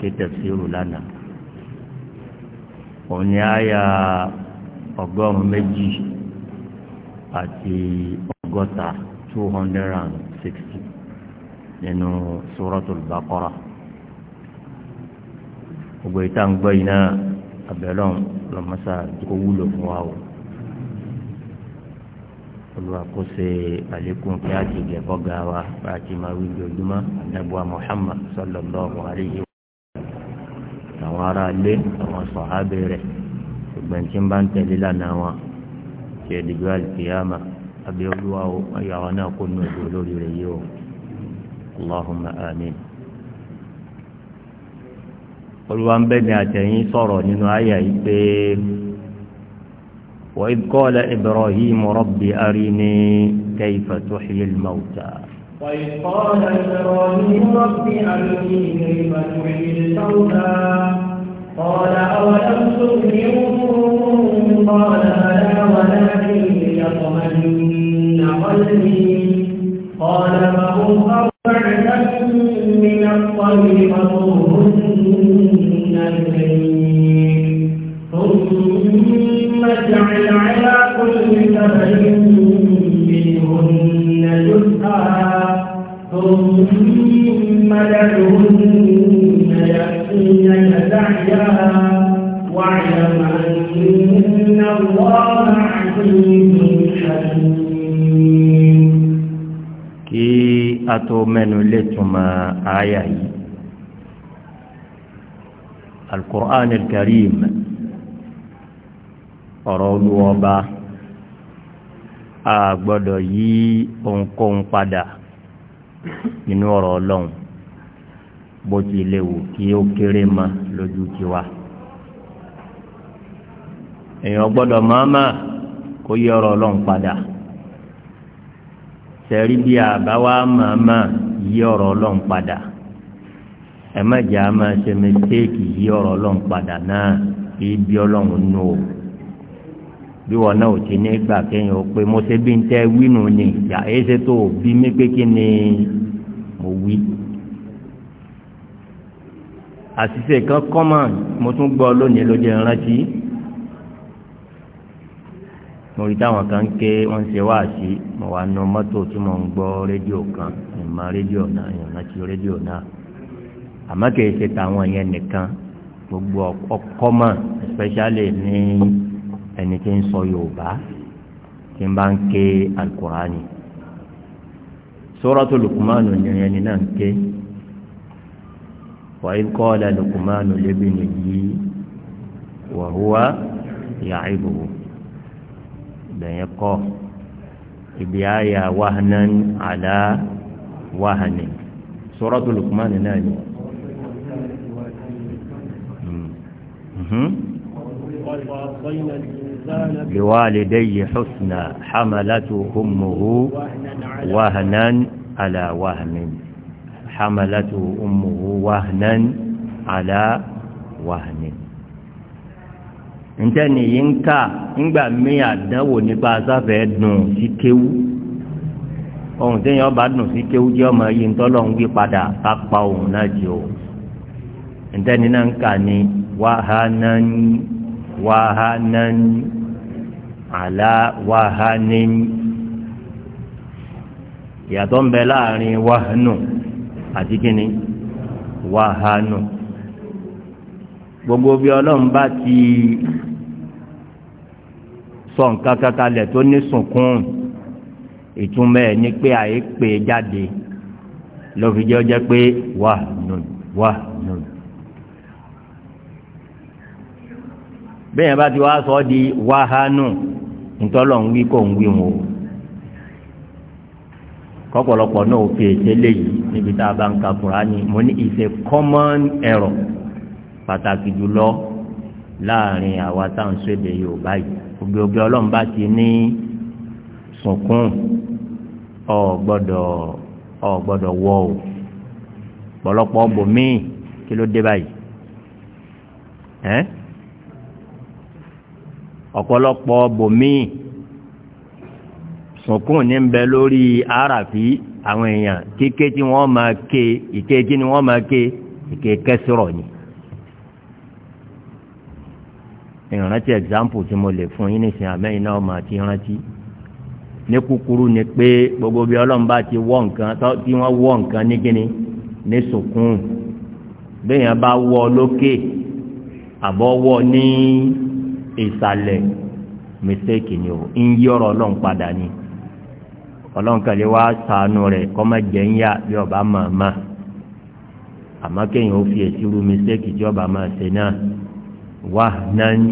kéde sírù lánàá òun ni àyà ọgọ́rùn méjì àti ọgọ́ta two nínú suratul baqara gbogbo ìta ń gbọ́ yìí náà abẹ́lẹ́ ọ̀hún lọ́mọ́sá kó wúlò fún wa o olùwà kó ṣe àlékún kí á ti gẹ̀kọ́ ga wa bá a ti máa wí lójúmọ́ àdàbọ̀à Muhammad sallallahu alaihi wa sallam àwọn ará ilé àwọn sọ̀hábẹ́ rẹ̀ ṣùgbọ́n tí ń bá ń tẹ̀lé lánàá wọn ṣe ìdìbò àlùkìyàmà àbí olúwa o ayàwó náà kó nù ọdún olórí rẹ̀ yìí o Allahumma amin. olùwà ń bẹ̀ àtẹ̀yìn sọ̀rọ̀ nínú àyà yìí وإذ قال إبراهيم رب أرني كيف تحيي الموتى وإذ قال إبراهيم رب أرني كيف تحيي الموتى قال أولم تؤمن قال بلى ولكن ليطمئن قلبي قال فهم أربعة من الطير فطرهن إليه ثمن منهن جزءا ثم دعوهن يأتينك سعيا واعلم أن الله عزيز حكيم كي أتؤمن لتما آيه القرآن الكريم ọ̀rọ̀ olúwọba a gbọ́dọ̀ yí ohunkóhun padà nínú ọ̀rọ̀ ọlọ́run bó ti lè wù kí ó kéré mọ́ lójú tiwa èèyàn gbọ́dọ̀ máàmá kó yí ọ̀rọ̀ ọlọ́run padà sẹ́rí bí àbáwá máàmá yí ọ̀rọ̀ ọlọ́run padà ẹ má jẹ́ àmọ́ ṣe mistake yí ọ̀rọ̀ ọlọ́run padà náà ibi ọlọ́run nù o bí wọn náà ò ti ní gbà kéèyàn ó pé mo ṣe bí n tẹ́ wínú ni ìyá èyí ṣe tó bí mi pé kí ni mo wí. àṣìṣe kan kọ́mọ̀ mo tún gbọ́ lónìí ló jẹ́ rántí mo rí táwọn kan ké wọ́n ṣe wá sí mo wà nu mọ́tò tí mo ń gbọ́ rédíò kan ìmọ̀ rédíò náà ìrántí rédíò náà àmọ́ kì í ṣe tàwọn yẹn nìkan gbogbo ọkọ́mọ̀ especially ní. Ni ẹni tí ń sọ yorùbá tí ń bá ń ké alukurani sóràtò lukumanu ni ẹni náà ń ké wa idh qala lukumanu libnihi wa huwa ya'ibuhu bẹ̀yẹn kọ́ ibi àyà wahnan ala wahnin sóràtò lukumanu náà ni. Mm-hmm. بوالدي حسنا حملته أمه وهنا على وهن حملته أمه وهنا على وهن ntẹni yìí ń kà ńgbà mí àdánwò nípa asáfẹ́ dùn sí kéwú ohun téèyàn ọba dùn sí kéwú jẹ́ ọmọ yìí ń tọ́lọ̀ ń wí padà kápá òun náà jẹ́ o ntẹni náà ń kà ní wàhánà ń wahanan ala wahanin ìyàtọ̀ ń bẹ láàrin wahanu àti kíni wahanu gbogbo bí ọlọ́run bá ti sọ nǹkan kankanlẹ̀ tó ní sunkún ìtumọ̀ ẹ̀ ni pé àyè pé jáde lọ́fíjẹ́ ọjọ́ pé wahanun wahanun. bẹ́ẹ̀ bá ti wá sọ ọ́ di wàhánù ntọ́lọ̀ ń wí kò ń wí wọn o kọ́pọ̀lọpọ̀ náà fi ètè léyìí níbi tá a bá ń ka Kùránì mo ní it's a common error pàtàkì jùlọ láàrin àwa táwọn sóde Yorùbá yìí ògbéogbé Ọlọ́run bá ti ní sunkún ọ gbọ́dọ̀ wọ o pọ̀lọpọ̀ bòmíì kí ló dé báyìí ọ̀pọ̀lọpọ̀ bòmíì sùnkún ní ń bẹ lórí àràfí àwọn èèyàn kíké tí wọ́n ma ké ìké ni wọ́n ma ké ìké kẹsìrọ̀ ni. ìrántí example tí mo lè fún yín nísìnyí àmẹ́yìn náà máa ti rántí ní ni pé gbogbo bí ọlọ́run bá ti wọ́ nǹkan tí wọ́n wọ́ nǹkan ní ní sùnkún bá wọ́ Ni ìsàlẹ̀ mistake ni o ń yí ọ̀rọ̀ ọlọ́run padà ni ọlọ́run kàlẹ́ wá sànù rẹ̀ kọ́mọ jẹ́ ń yá bí ọba màmá àmọ́ kéèyàn ó fi èsì ru mistake tí ọba máa ṣe náà wá nání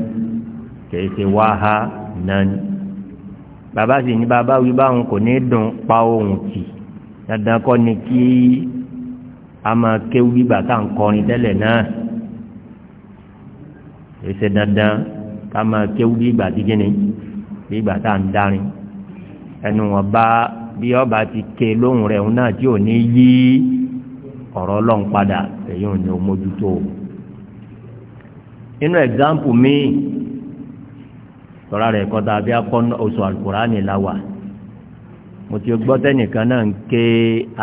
kìí ṣe wá ha nání bàbá sì ní bàbá wí báwọn kò ní dùn pa ohun tì dandan kọ́ ni kí a máa kéwú bí bàtà ń kọrin tẹ́lẹ̀ náà kìí ṣe dandan ká máa kéwú bí ìgbà tí kíni bí ìgbà tá à ń darin ẹnu wọn bá bí ọba ti ké lóhùn rẹ̀ òun náà tí ò ní yí ọ̀rọ̀ ọlọ́run padà èyí ò ní o mójútó o inú ẹ̀gbáǹpù míì tọ́ra rẹ̀ kọ́ta bí akọ́nà oṣù alukurani la wà mo ti gbọ́ tẹ́nìkan náà ń ké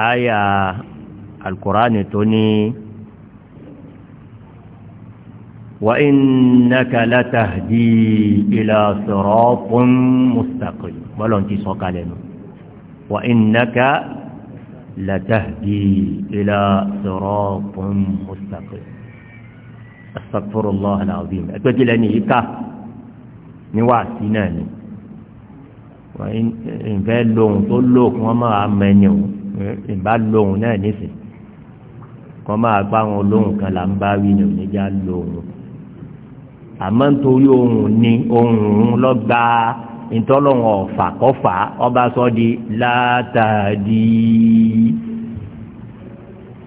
àyà alukurani tó ní. وإنك لتهدي إلى صراط مستقيم ولو انت سوكالين وإنك لتهدي إلى صراط مستقيم استغفر الله العظيم أتوجه لأني إكا نواع وإن إن فالون طلوك وما عمانيو إن بالون نانسي وما أقبعون لون كلام باوين ونجال لون àmọ́ nítorí ohun ni ohun lọ́gba ìtọ́lọ́wọ̀n ọ̀fà kọfà ọba sọ di látàdí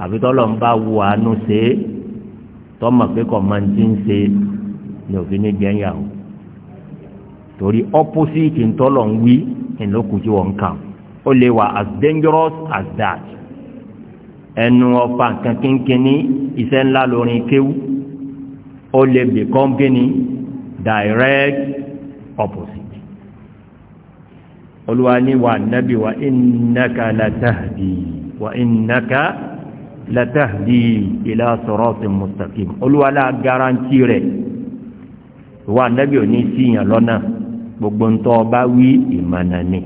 àbítọ́lọ̀ ń bá wo àánú ṣe é tọ́mọ̀ pé kọ̀ máa ń ti ń ṣe ni òfin ní jẹ́yà o torí opposite ìtọ́lọ̀ ń wí ìlókùtì wọn kàn ó lè wà as dangerous as that ẹnu ọ̀fà kankan kínní iṣẹ́ ńlá lórin kéwù ó lè become gini direct opposite olúwa ní wà nábi wà innaka latahdi wà innaka latahdi ila siratin mustaqim olúwa láà garanti rẹ̀ wà nábi ò ní síyàn lọ́nà gbogbo ń tọ́ bá wí ni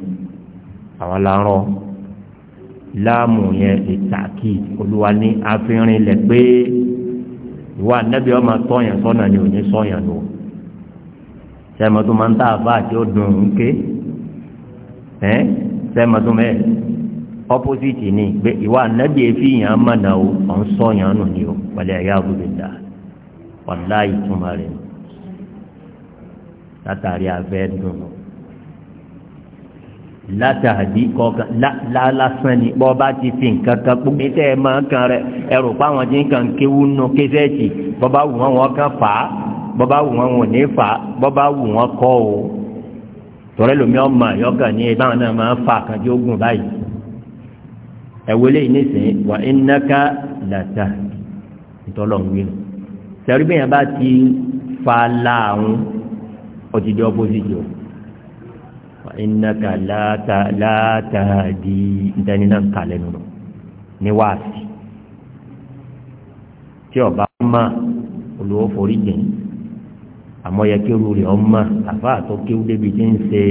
àwọn lárọ́ láàmù yẹn ìtàkì olúwa ní afinrin lẹ̀ pé ìwà nẹ́bí ọmọ tọ́yàn sọ́nà ni ò ní sọ́yàn nù sẹ́mọ̀tún máa ń tà fáà tí ó dùn ún ké sẹ́mọ̀tún mẹ́ẹ̀ ni pé ìwà nẹ́bí efi yàn án mọ̀nà o ọ̀ ń sọ́yàn nù ni o pẹ̀lú ẹ̀yà àbúrò dà rẹ̀ látàrí afẹ́ dùn ún. látàdí kọkàn lálásán ni bọ́ bá ti fi nǹkan kan pé tẹ́ ẹ máa kan rẹ ẹrù páwọn tí nǹkan kéwú nù kéṣẹ́ẹ̀tì bọ́ bá wù wọ́n wọ́n kan fà á bọ́ bá wù wọ́n wọ́n ní fà á bọ́ bá wù wọ́n kọ́ o tọ́rẹ́ lomi ọmọ àyọ́kàn ní ẹ báwọn náà máa ń fa àkànjẹ́ ogun báyìí ẹ̀wọ́lé yìí nísìnyí wà ináka làtà ìtọ́lọ̀ ń wí nù sẹ́rí bẹ́ẹ̀ bá ti fa láàrún ọ̀tìjọ́ bó ti ìnáka látàdí ìdání náà kàlẹ́ nù ní wáàsí tí ọba má olùwọ́ forí jìn àmọ́ yẹ kéwù rẹ̀ ọmọ àfa tó kéwù débi tí ń ṣe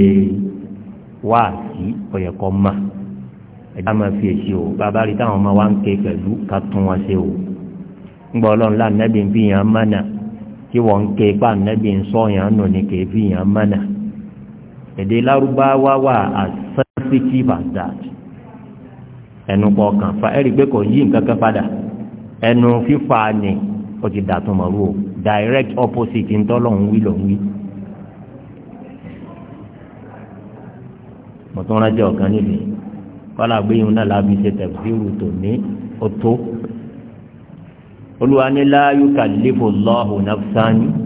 wáàsí ọ̀yẹ̀kọ́ má ẹ̀dá máa fi èsì o bàbá rí táwọn ọmọ wa ń ké pẹ̀lú ká tún wọn ṣe o ńgbọ́ ọlọ́run lá nẹ́bí ń fi yàn án mánà tí wọ́n ń ké pa nẹ́bí ń sọ yàn án nù ní kéé fi yàn án mánà. èdè lárúbáwá wà as sensitive as that ẹnu kọ̀ọ̀kan fa ẹ̀rí pé kò yí nǹkan kan padà ẹnu fífa ni ó ti mọ̀rú o direct opposite ntọ́lọ̀ ń wí ló ń wí. mọ̀tún rájọ ọ̀kan níbi kọ́lá gbéyìn náà lábí ṣe tẹ̀síwù ní lọ́hùn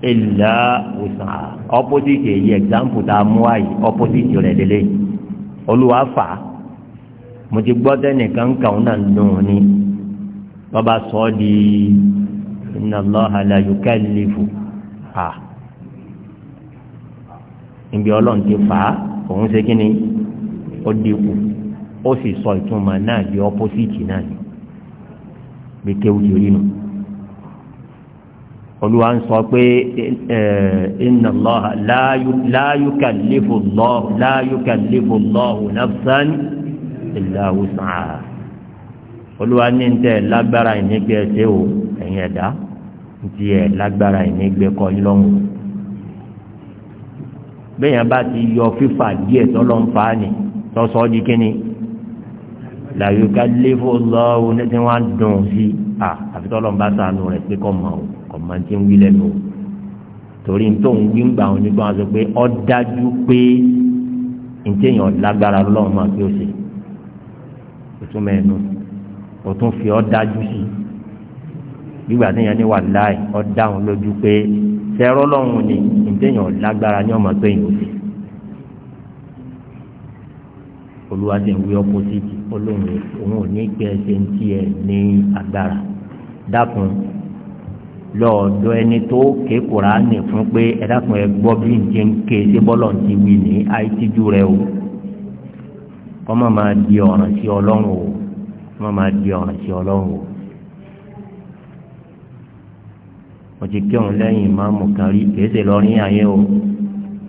ìlà òsàn opposite èyí example tá a mú wáyé opposite rẹ̀ lélẹ̀ olúwa fà á mo ti gbọ́ tẹ́nìkan ń kàún náà dùn ní bàbá sọ ọ́ di inna Allaha la yukallifu à níbi ọlọ́run ti fà á òun ṣe kí ni ó dínkù ó sì sọ ìtumọ̀ náà di opposite náà ni bí kéwù ti rí No olúwa ń sọ pé inna Allaha la yukallifu Allahu la yukallifu Allahu nafsan illa wus'aha olúwa ní ń tẹ lágbára ìnígbẹ ẹsẹ o ẹ̀yin ẹ̀dá ń tiẹ lágbára ìnígbẹ kọ yín lọ́hùn bẹ́ẹ̀ yẹn bá ti yọ fífà díẹ̀ tọ́lọ́nfà ni tọ́sọ́ di kínní la yukallifu Allahu ní tí wọ́n á dùn sí i àfi tọ́lọ́nfà sànù rẹ̀ pé kọ́ mọ́ o ọmọ tí ń wí lẹ́nu o torí n tó ń wí ń gbà wọn nígbà wọn sọ pé ọ dájú pé n téèyàn lágbára lọ́wọ́ máa fi òsè òtún mẹ́ẹ̀nu òtún fi ọ dájú sí gbígbà téèyàn ní wà láì ọ dáhùn lójú pé sẹ́rọ́ lọ́hùn ni n téèyàn lágbára ní ọmọ péyìn òsè olúwa ti ń wí ọpọ́sìtì olóhùn òun ò ní kí ẹ ṣe ń tiẹ̀ ní agbára dákun lọ́ọ̀dọ̀ ẹni tó ké kuraani fún pé ẹ ẹ gbọ́ bí n jẹ́ ń ké ṣé bọ́lọ̀ ti wí ní àìtíjú rẹ o kọ́mọ máa di ọ̀ràn sí ọlọ́run o kọ́mọ máa di ọ̀ràn sí ọlọ́run o. mo ti kírun lẹ́yìn ìmáàmù kan rí kèéṣe lọ́rin ayé o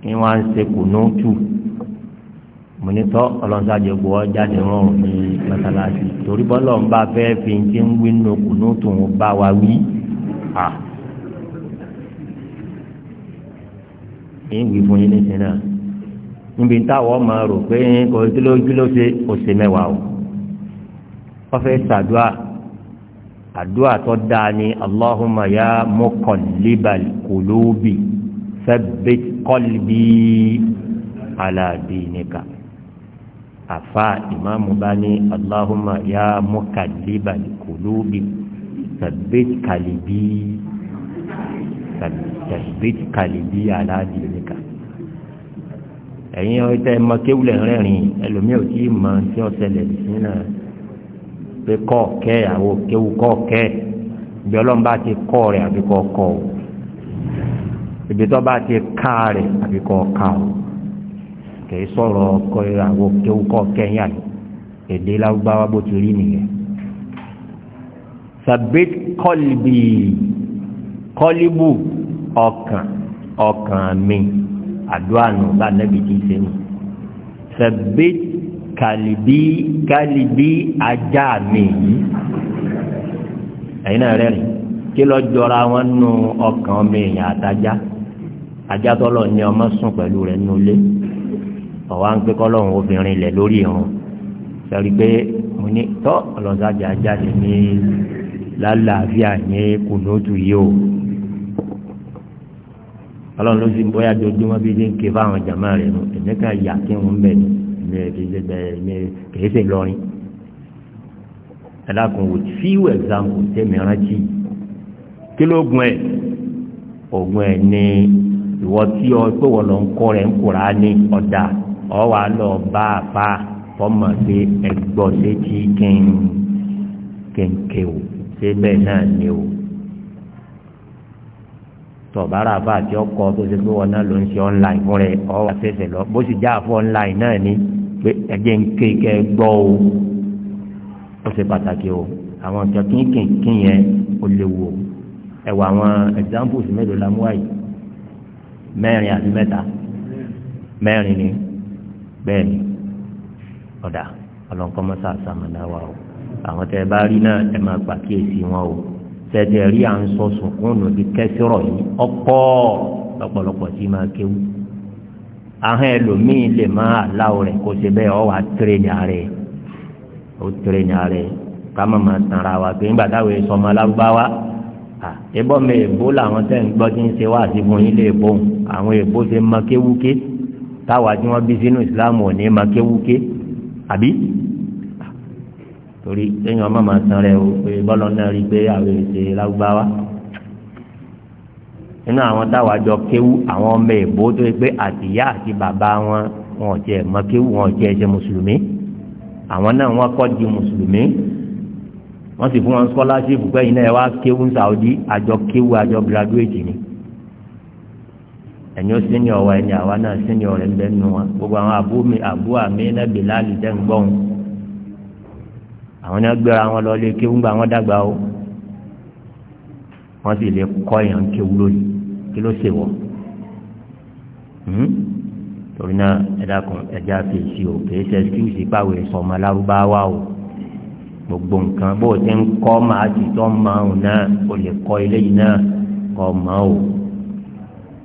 ní wọ́n á ń ṣe kùnúùtù mo ní tọ́ ọlọ́nsájẹ gbọ́ jáde rọrùn ní mọ́sálásí torí bọ́lọ̀ ń bá fẹ́ fi ń ti ń wí nù kùnúùtù ń bá wa wí. à èyí wí fún yín nísìnyí náà níbi táwọn ọmọ rò pé kò dúró ṣe mẹ́wàá o wọ́n fẹ́ ṣàdúrà àdúrà tó dáa ni allahumma ya libali qulubi thabbit qalbi ala dinika àfa ìmáàmù bá ní allahumma ya muqallibal qulubi. sabbit kalibi sabbit kalibi aládìníkà ẹ̀yin ọ̀tẹ̀ mọ kéwulẹ̀ rẹ́rìn ẹlòmíì ò tí ì mọ tí ó ṣẹlẹ̀ nínú pé kọ́ kẹ́ àwọn kéwu kọ́ kẹ́ ibi ọlọ́run bá ti kọ́ rẹ̀ àbí kọ́ kọ́ o ibi tó bá ti ká rẹ̀ àbí kọ́ ká o kì sọ̀rọ̀ kọ́ àwọn kéwu kọ́ kẹ́ yàn èdè lágbáwá bó ti rí nìyẹn sabit kọlbi kọlibu ọkàn ọkàn mi àdúrà nù kì í ṣe nù sabit kalibi kalibi ajá mi yìí ẹ̀yin náà rẹ̀ rìn kí lọ jọra wọn nù ọkàn mi yìí àtajá ajá tọ́lọ̀ ní ọmọ sùn pẹ̀lú rẹ̀ nulẹ̀ ọ̀wá ń pẹ́ kọ́lọ́hún obìnrin lẹ̀ lórí irun sẹ́rí pé mo ní tọ́ ọlọ́sàjà jáde ní lálàáfíà ní kùnúùtù yìí o ọlọ́run ló sì bóyá dojúmọ́ bí ṣe ń ké fáwọn jàmá rẹ̀ nù èmi kan yà kí wọ́n bẹ̀ ní mi kì í ṣe bẹ̀rẹ̀ mi kì í ṣe lọ́rin ẹ̀dàkùn wò fíwù ẹ̀gbàmù tẹ̀mí rántí kí ló gun ẹ̀ ògùn ẹ̀ ní ìwọ tí ọ pé wọ́n lọ ń kọ́ rẹ̀ ń kóra ní ọ̀dà ọ wà lọ bá a fa fọmọ pé ẹgbọ́ létí kí n kéwò pé bẹ́ẹ̀ náà ni o tọ̀bára bá àti ọkọ̀ tó ṣe pé wọn náà ló ń ṣe online fún rẹ ọ wà lọ bó sì já àfọ online náà ni pé ẹjẹ ń ké kẹ gbọ́ o ó ṣe pàtàkì o àwọn nǹkan kínkìnkín yẹn ó léwu o ẹ wọ àwọn examples mélòó la mú àyè mẹ́rin àti mẹ́ta mẹ́rin ni bẹ́ẹ̀ ni ọ̀dà ọlọ́nkọ́mọ́sá àsàmọ̀dáwà o àwọn tẹ bá rí náà ẹ máa pàkíyèsí wọn o tẹ̀tẹ̀ rí à ń sọ sùnkún nù bí kẹsìrọ̀ yìí ọ̀pọ̀ lọ́pọ̀lọpọ̀ tí máa kéwú ahọ́n ẹlòmíì lè máa aláwọ̀ rẹ̀ kó ṣe bẹ́ẹ̀ ọ wà tẹ̀rẹ̀nì ó tẹ̀rẹ̀nì ààrẹ ká má máa tàn wa pé nígbà táwọn èso ọmọ alágbáwá ẹbọ mi èbó làwọn tẹ̀ ń gbọ́ tí ń ṣe wá àti fún yín lè bó àwọn èbó ṣe máa kéwúké táwa tí wọ́n bí sínú ìsìláàmù ò ní máa kéwúké àbí torí lẹ́yìn ọmọ màá tán rẹ o pé bọ́lọ̀ náà rí i pé àwọn èsè lágbáwá nínú àwọn táwa jọ kéwú àwọn ọmọ èbó tó yẹ pé àtìyá àti bàbá wọn wọn ò tiẹ̀ mọ kéwú wọn ò tiẹ̀ ṣe mùsùlùmí àwọn náà wọn kọ́ di mùsùlùmí wọ́n sì fún wọn scholarship pẹ́yìn náà ẹ wá kéwú Saudi àjọ kéwú àjọ graduate ni ẹ̀yin ó senior wa ẹni àwa náà senior rẹ̀ ń bẹ́ẹ̀ nù wọn gbogbo àwọn àbú mi àbú àlìjẹ́ ń gbọ́n àwọn náà gbéra wọn lọ lé kéwú gba wọn dàgbà o wọn sì lè kọ́ èèyàn kéwú lónìí kí ló ṣe wọ hmm? torí náà ẹ dákun ẹja fèsì o kìí ṣe ẹsikúùsì pàwé sọmọ alárúbáwá o gbogbo nǹkan bó o ti ń kọ́ máa ti tọ́ máa ń náà o lè kọ́ eléyìí náà kọ́ máa o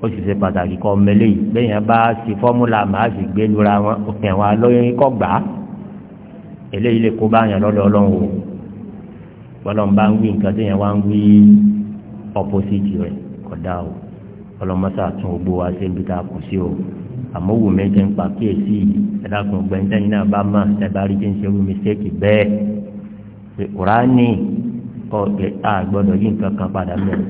ó sì ṣe pàtàkì kọ́ mẹ́lẹ́yìí bẹ́ẹ̀ yẹn bá ṣe fọ́múlà máa sì gbé wọn òfin àwọn alóyún kọ́ gbà eléyìí lè kó báyàn lọ́dọ̀ ọlọ́run o ọlọ́run bá ń wí nǹkan tí yẹn wá ń wí opposite rẹ̀ kódà o ọlọ́run mọ́sá tún gbogbo wa ṣe ń bí ta kù sí o àmọ́ wù mí jẹ́ ń pa kíyèsí ẹ̀dàkùn gbẹ̀ntẹ́yìn náà bá mà ẹ̀bá rí jẹ́ ń ṣe mistake bẹ́ẹ̀ pé kùránì ọ̀gbẹ́ àgbọ̀dọ̀ yìí nǹkan kan padà mẹ́rin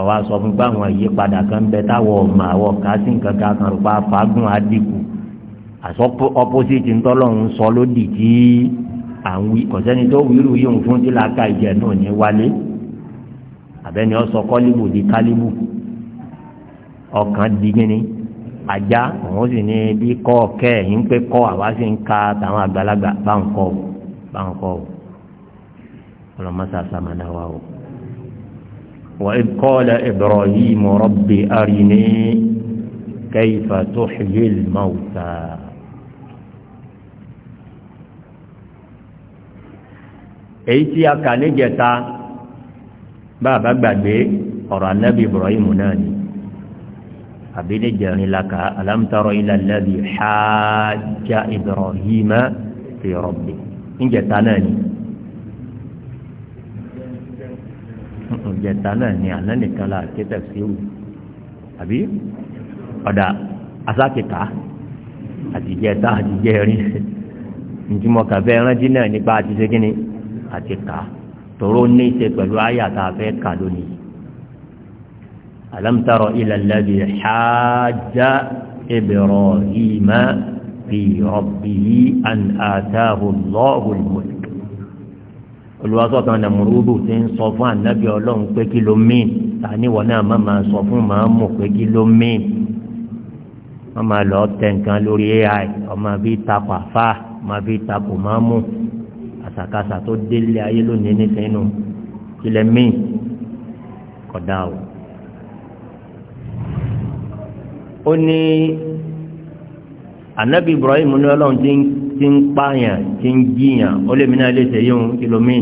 ọ̀wá sọ fún pé àwọn ìyípadà kan bẹ táwọn ọ̀mà àwọn kásìn kan rò pa fàágùn àdìkù àsọ ọpọsíìtì ńtọ́lọ́run sọ lódì tí à ń wí kọ̀sẹ́ni tó wíru yóò fún tí làákà ìjẹ náà ní wálé àbẹ́ni ọ̀sọ kọ́líbù di kálíbù ọkàn di gíní ajá òun sì ní bí kọ́ ọ̀kẹ́ ẹ̀yìn pé kọ́ àwa sì ń ka tàwọn àgbàlagbà báwọn kọ́ ọ báwọn kọ́ ọ ọlọ́mọṣà sàmánà wa o. وإذ قال إبراهيم رب أرني كيف تحيي الموتى èyí tí a kà níjẹta bàbá gbàgbé ọ̀rọ̀ anábì ibrahim náà ni àbí níjẹrin la kà alam tara ila alladhi hajja ibrahim fi rabbih níjẹta náà ni níjẹta náà ni àná nìkan la ké tafsiru àbí ọ̀dà asákìkà àtijẹta àtijẹrin ntí mo kà fẹ́ rántí náà nípa àti ṣe ni àti kà tòró ní ṣe pẹ̀lú àyà tá a fẹ́ kà lónìí. alam tara ila alladhi hajja ibrahima fi rabbihi an atahu Allahu al-mulk. olùwàsọ̀tàn nàmúrúdù ti ń sọ fún ànábì ọlọ́run pé kí ló mìn tani wọn náà àsàkásà tó délé ayé lónìí nìkan nù ilẹ̀ míì kọ̀dá o. ó ní anabi ibrahim ní ọlọ́run ti ń pààyàn ti ń jiyàn ó lè mí náà lè ṣe yíyún kìlómì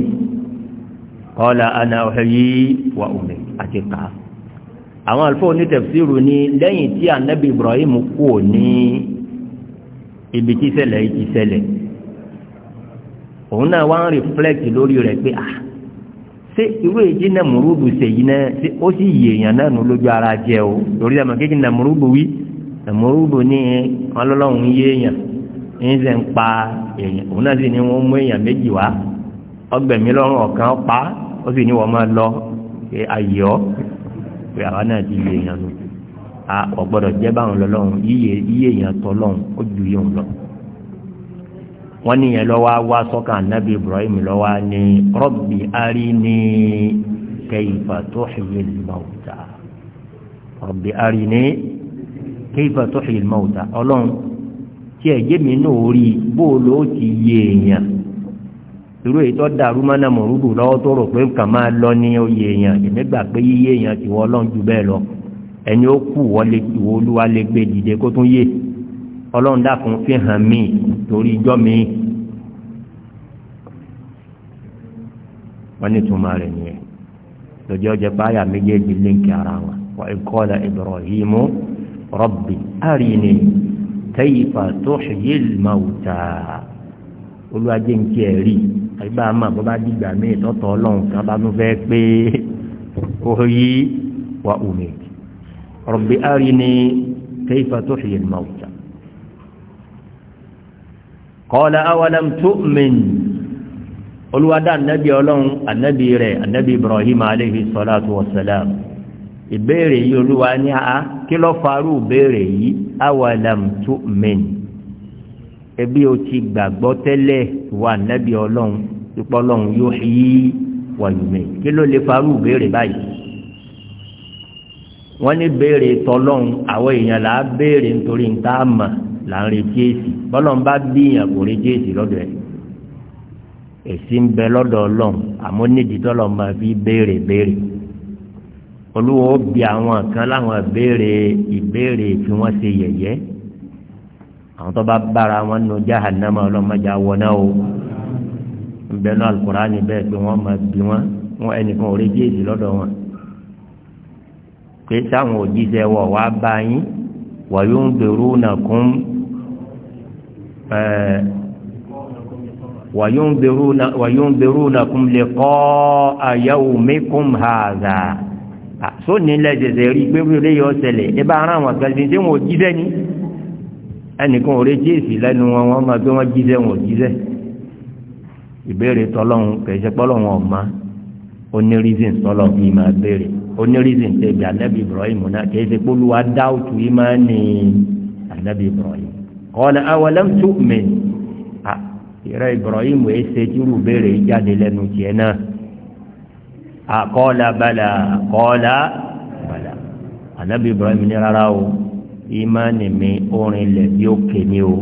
kọ́lá ana ọ̀hẹ́yí wà omi àti ká àwọn àlùfáà onítẹ̀fsíìrù ni lẹ́yìn tí anabi ibrahim kú ní ibi tí ṣẹlẹ̀ yìí ti ṣẹlẹ̀ òun náà wá ń reflect lórí rẹ̀ pé ah ṣé irú èjì nàmúrúbù ṣèyí náà ṣé ó sì yè èèyàn náà nù lójú ara jẹ o lórí àmọ́ kékeré nàmúrúbù wí nàmúrúbù ní ọlọ́lọ́hún yé èèyàn ń ṣe ń pa èèyàn òun náà sì ní wọ́n mú èèyàn méjì wá ọgbẹ̀mí lọ́rùn ọ̀kan pa ó sì ní wọ́n máa lọ pé ayọ̀ pé àwa náà ti yè èèyàn nù ọ̀gbọ́dọ̀ jẹ́ báwọn lọ́lọ́hún yíyè èèyàn tọ́ lọ́hún ó ju yóò lọ́hún wọ́n níyẹn lọ́wọ́ wá sọ́kàn anabi ibrahim lọ́wọ́ ní rọ́bì arini kayfa tuhyil mawta rọ́bì arini kayfa tuhyil mawta ọlọ́run tí ẹ jẹ́ mi náà rí bóòlù ó ti yé èèyàn irú èyí tó dàrú mọ́nà mọ̀rúdù lọ́wọ́ tó rò pé kàn máa lọ ní oyè èèyàn èmi gbà pé yíyé èèyàn ti wọ́ ọlọ́run ju bẹ́ẹ̀ lọ ẹni ó kù wọ́n lè wọ́ọ́lúwa lè gbé dìde kó tún yé ọlọ́run dákun fi hàn mí torí ijọ́ mi wọ́n ní ìtumọ̀ rẹ̀ nìyẹn lọ́jọ́ jẹ́ báyà méjèèjì líǹkì ara wọn wa idh qala Ibrahimu rabbi arini kayfa tuhyil mawta olùwàjẹ́ ń tiẹ̀ rí àyíbá àmà bó bá dìgbà míì tọ́tọ̀ ọlọ́run kan bá tún pé oyi wa umi rabbi arini kayfa tuhyil mawta kọ́lá awalam tu'min olùwádà ànábì ọlọ́run ànábì rẹ̀ ànábì ibrahim aleyhi salatu wa salam ìbéèrè yìí olúwa ní a kí ló farú ìbéèrè yìí awalam tu'min ẹbí o ti gbàgbọ́ tẹ́lẹ̀ wà ànábì ọlọ́run ipò ọlọ́run yuhyi wa kí ló lè farú ìbéèrè báyìí wọ́n ní béèrè tọ́lọ́run àwọn èèyàn là á béèrè nítorí ń tá là ń retí èsì bọ́lọ̀ ń bá bíyàn kò retí èsì lọ́dọ̀ ẹ̀ èsì ń bẹ lọ́dọ̀ ọlọ́run àmọ́ nídìí tọ́lọ̀ máa fi béèrè béèrè olúwo bí àwọn kan láwọn béèrè ìbéèrè tí wọ́n ṣe yẹ̀yẹ́ àwọn tó bá bára wọn nu jahannama ọlọ́mọdé àwọn náà o ń bẹ náà alukurani bẹ́ẹ̀ pé wọ́n máa bí wọn wọn ẹnìkan ò retí èsì lọ́dọ̀ wọn pé sáwọn òjíṣẹ́ wọ̀ wá bá yín wàyúndèrúnàkún wàyúndèrúnàkún lè kọ́ àyẹ̀wò mẹ́kùn hàzà sóní lẹ́sẹ̀sẹ̀ rí pé wílé yọ ṣẹlẹ̀ ibà ara àwọn akẹ́sìn tí wọ́n jí sẹ́ni ẹnìkan ò retí èsì lẹ́nu wọn wọ́n máa gbé wọn jí sẹ́ wọn jí sẹ́ ìbéèrè tọ́lọ́hún kẹ̀sẹ̀ pọ́lọ́hún ọ̀ma ó ní rízìn máa béèrè onírìsì ń tẹ̀bi anabi ibrahim náà kì í ṣe pé olúwa dáwùtù yìí máa ní anabi ibrahim kọ́ni awalam tu'min ìrẹ́ ibrahim wẹ́ẹ́ ṣe tìrú béèrè jáde lẹ́nu tiẹ̀ náà àkọ́ọ̀lá bala àkọ́ọ̀lá bala anabi ibrahim ní rárá o ìmánì mi orin lẹ̀ bí ó ké ní o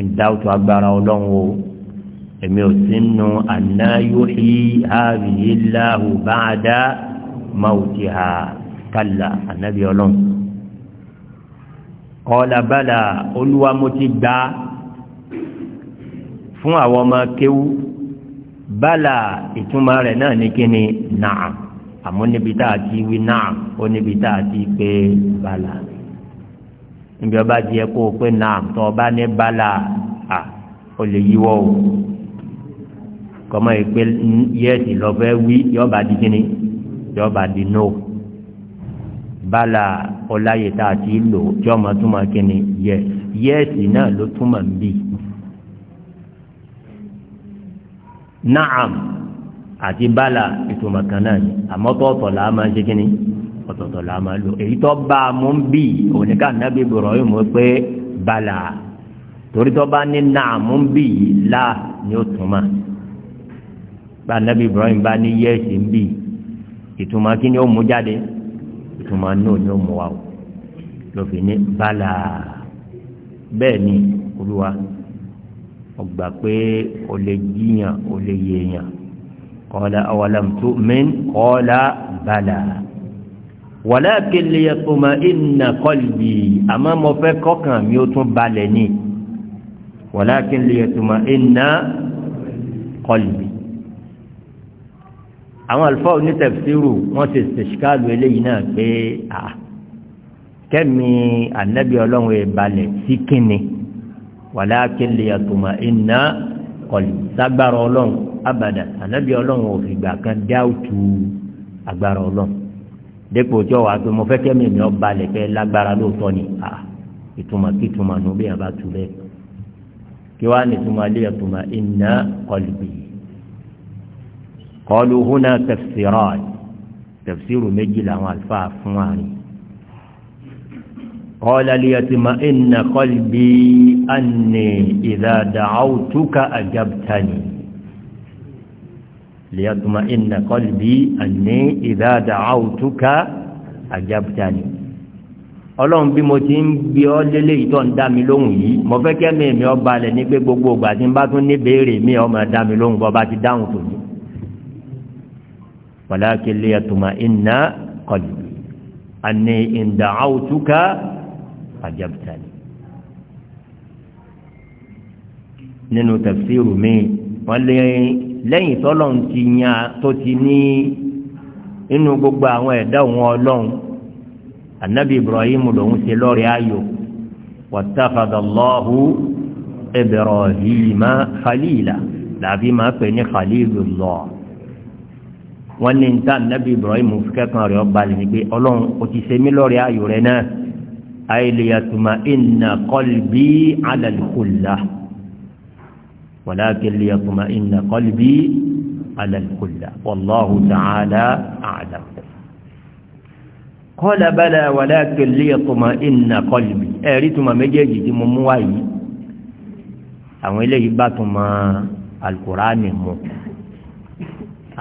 ìdáwùtò agbára ọlọ́run o èmi ò sí nu àná yóò yí àbíyí mawtiha kalla ànábì ọlọ́run kọ́lá bàlà olúwa mo ti gbà fún àwọn ọmọ kéwú bàlà ìtumọ̀ rẹ̀ náà ní kíni naam àmọ́ níbi tá a ti wí naam ó níbi tá a ti pé bàlà níbi ọba jẹ kó o pé naam tó ọba ní bàlà à ó lè yíwọ́ o kọ́mọ́ ìpè yẹ́sì lọ́fẹ́ wí yọba di kíni jọba di no bala ọláyè tá a ti lò jọmọ túmọ̀ kíni yẹ yẹ́ẹ̀sì náà ló túmọ̀ ń bì naam àti bala ìtumọ̀ kan náà ni àmọ́tọ̀ọ̀tọ̀ là á máa ṣe kíni ọ̀tọ̀ọ̀tọ̀ là á máa lò èyí tó bá a mú bì òní nábì bọ̀rọ̀ yìí mọ̀ pé bala torí tó bá ní naamu ń bì yìí la ni ó túmọ̀ bá nábì bọ̀rọ̀ yìí bá ní yẹ́ẹ̀sì ń bì yìí ìtumọ̀ kí ni ó mú jáde ìtumọ̀ náà ni ó mú wa o lọ́fẹ̀ẹ́ ní bala bẹ́ẹ̀ ni olúwa ọgbà pé o lè jiyàn o lè yéèyàn kọ́lá awalam tu'min kọ́lá bala walakin liyatuma inna qalbi àmọ́ mo fẹ́ kọ́kàn mi ó tún balẹ̀ ni walakin liyatuma inna qalbi àwọn àlùfáà onítẹ̀fẹ́rù wọ́n ti ṣèṣkáàlù eléyìí náà pé à kẹ́mi ànábì ọlọ́run ìbalẹ̀ sí kínni walakin liyatma'inna qalbi ságbára ọlọ́run abàdà ànábì ọlọ́run ò fìgbà kan dáùtù agbára ọlọ́run dépò tí ọwọ́ àti mo fẹ́ kẹ́mi mi ọ balẹ̀ pé lágbára lóòótọ́ ni à ìtumọ̀ kí ìtumọ̀ nù bí yàrá tu bẹ́ẹ̀ kí wàá ní ìtumọ̀ liyatma'inna qalbi yìí kọlu húnà tafsirat tafsiru méjì làwọn àlùfáà fún àárín kọ́lá liyatuma inna qalbi anni idha da'awtuka ajabtani liyatuma inna qalbi anni idha da'awtuka ajabtani ọlọ́run bí mo ti ń bí ọ lélẹ̀ ìtọ́ ń dá mi lóhùn yìí mo fẹ́ kẹ́mi mi ọ balẹ̀ ní gbogbo ìgbà tí bá tún ní béèrè mi ọ dá mi lóhùn bọ́ bá ti dáhùn tòní. ولكن liyatma'inna qalbi anni in da'awtuka ajabtani nínú tafsiru mi wọ́n lé lẹ́yìn tọ́lọ́n ti yan tó ti ní inú gbogbo àwọn ẹ̀dá òun ọlọ́run anabi ibrahim lòun ṣe lọ́ọ̀rì ayò wàtàfàdàlọ́hu ibrahim khalila làbí máa pè ní khalilullah wọ́n ní níta nàbí ibrahim kẹ́kàn rẹ̀ ọba lè ní pé ọlọ́run o ti ṣe mí lọ́rẹ̀ ayò rẹ̀ náà àìlèyàtùmá ìnà kọ́lìbí alàlùkùlà wàlákì lèyàtùmá ìnà kọ́lìbí alàlùkùlà wàláhù tààlà àlà. kọ́lá bàlá wàlákì lèyàtùmá ìnà kọ́lìbí ẹ̀rí tuma méjèèjì tí mo mú wáyé àwọn eléyìí bá tuma alukùránì mu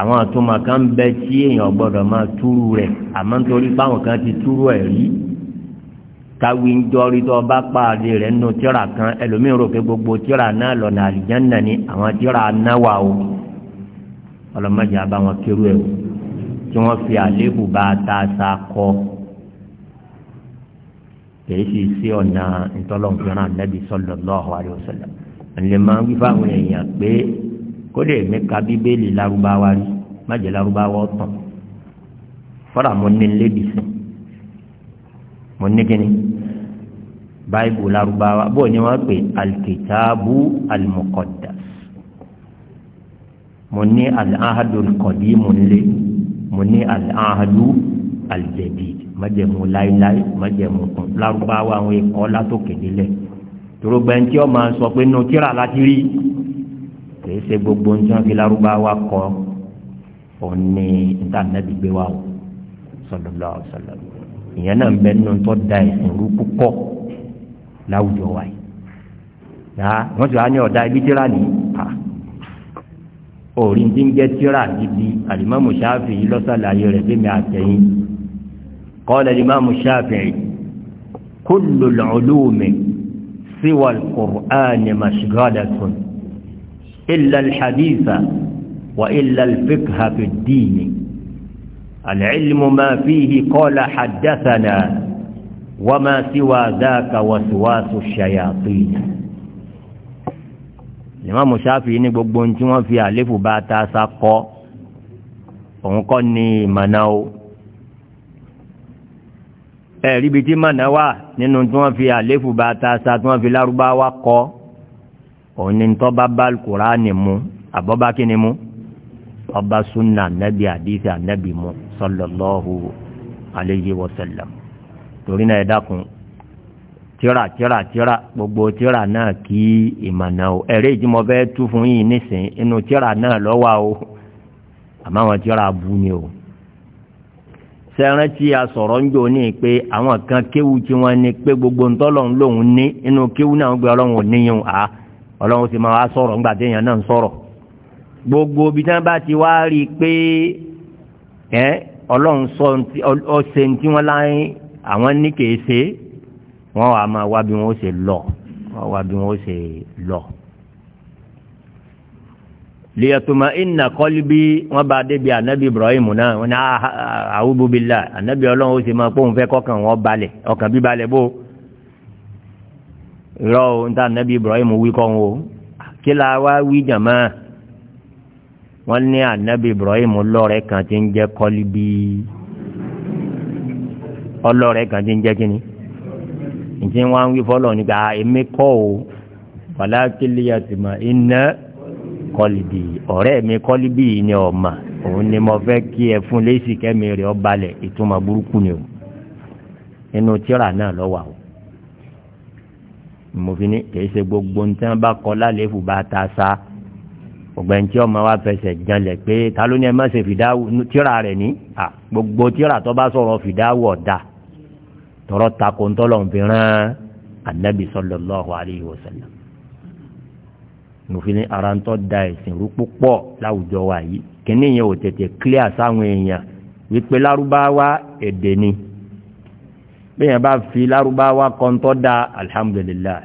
àwọn àtúmọ̀ kan bẹ tí èèyàn gbọ́dọ̀ máa túrú rẹ̀ àmọ́ nítorí báwọn kan ti túrú ẹ̀ rí káwí ń jọrí tó bá paàdé rẹ̀ nínú tíra kan ẹlòmíín rò pé gbogbo tíra náà lọ́nà àlìjánná ni àwọn tíra náwà o ọlọ́mọdé àbáwọn kéru ẹ̀ o tí wọ́n fi àléébù bá a ta sa kọ́ kìí sì sí ọ̀nà ìtọ́lọ́nfẹ́ràn Nabi sallallahu alaihi wasallam ẹ̀ lè máa kódé mi ka bíbélì Lárúbáwá rí má jẹ́ Lárúbáwá ọ̀tàn fọ́dà mo ní lédi sí mo ní kíni báyìbù Lárúbáwá bó ni wọ́n pè alikitaabu alimọ̀kọ̀dà mo ní alahadu kọ̀dí mo lé mo ní alahadu aljẹ̀dì májẹ̀mú láíláí májẹ̀mú kan Lárúbáwá àwọn ẹ̀kọ́ látòkè nílẹ̀ tòrógbẹ́ntì ọ̀ máa sọ pé nù tíra láti rí kìí ṣe gbogbo ń jọ́n fi lárúbáwá kọ òní ìtànẹ́bí gbé wa o sọlọlọ sọlọlọ ìyẹn náà ń bẹ nínú tó da ẹ̀sìn rú púpọ̀ láwùjọ wa yìí yá wọ́n ti wá ní ọ̀dà ibi tíra nìyí orí ti ń jẹ́ tíra gidi alimami Shafi'i lọ́sàlàyé rẹ̀ fẹ́mi àtẹ̀yìn qala alimami Shafi'i kullu al-ulumi siwa al-Qur'ani mashghalatun. إلا الحديث وإلا الفقه في الدين العلم ما فيه قال حدثنا وما سوى ذاك وسواس الشياطين لما مشافي ني غوغو نتي في الف با تا ساكو اون كو ني مناو ا ريبيتي مناوا نينو نتي وان في الف با تا سا تو وان في لاروبا واكو òun ni tọ́ bá mu àbọ́bá ni mu ọba anabi àdìsí anabi mu sallallahu alayhi torí náà tira tira tíra gbogbo tíra náà kí ìmọ̀nà o ẹ̀rí ìjùmọ̀ fẹ́ tú fún yìí nísìn inú tíra náà lọ́wọ́ o àmọ́ àwọn tíra bu ni o kan kéwu tí wọ́n gbogbo ní ọlọ́run sì máa wá sọ̀rọ̀ ńgbà téèyàn náà ń sọ̀rọ̀ gbogbo ibi tí wọ́n bá ti wá rí i pé ẹ́ ọlọ́run sọ ọ̀sẹ̀ tí wọ́n láyé àwọn ní kèé ṣe wọ́n wàá máa wá bí wọ́n ṣe lọ wọ́n wá bí wọ́n ṣe lọ. liyatuma inna kọlibi wọn bá débi anabi ibrahim náà wọn ní àwùbùbílà anabi ọlọ́run ó sì máa pé òun fẹ́ kọ́kàn wọn balẹ̀ ọkàn bíbalẹ̀ bó ìrọ̀ ohun tá nàbí ibrahim wí kọ́ wọn kí la wá wí jàmọ́ wọ́n ní ànábì ibrahim kan ti ń jẹ́ kọ́lí kan ti ń jẹ́ kíni ǹtí wọ́n wí fọ́lọ́ nígbà èmi kọ́ o wàlá kílí iná mi ni ọ̀ma òun ni mo fẹ́ kí ẹ fún lẹ́sì kẹ́mi rẹ̀ ọ burúkú ni o inú tíra náà mo ni ní kì í ṣe gbogbo ní tí wọ́n bá kọ́ lálẹ́fù bá ta sa ọ̀gbẹ́ni tí ọmọ wa fẹsẹ̀ janlẹ̀ pé ta ló ní ẹ má ṣe fìdáwù tíra rẹ̀ ní gbogbo tíra tó bá sọ̀rọ̀ fìdáwù ọ̀dà tọrọ tako ntọ́lọ̀ fi rán anabi sallallahu alayhi wa sallam mo fi ní ara ń tọ́ da ẹ̀sìn rú púpọ̀ láwùjọ wa yìí kíní yẹn ò tètè clear sáwọn èèyàn wípé lárúbáwá èdè ni bẹ́yàn bá fi lárúbáwá kọ́ńtọ́ da alhamdulillah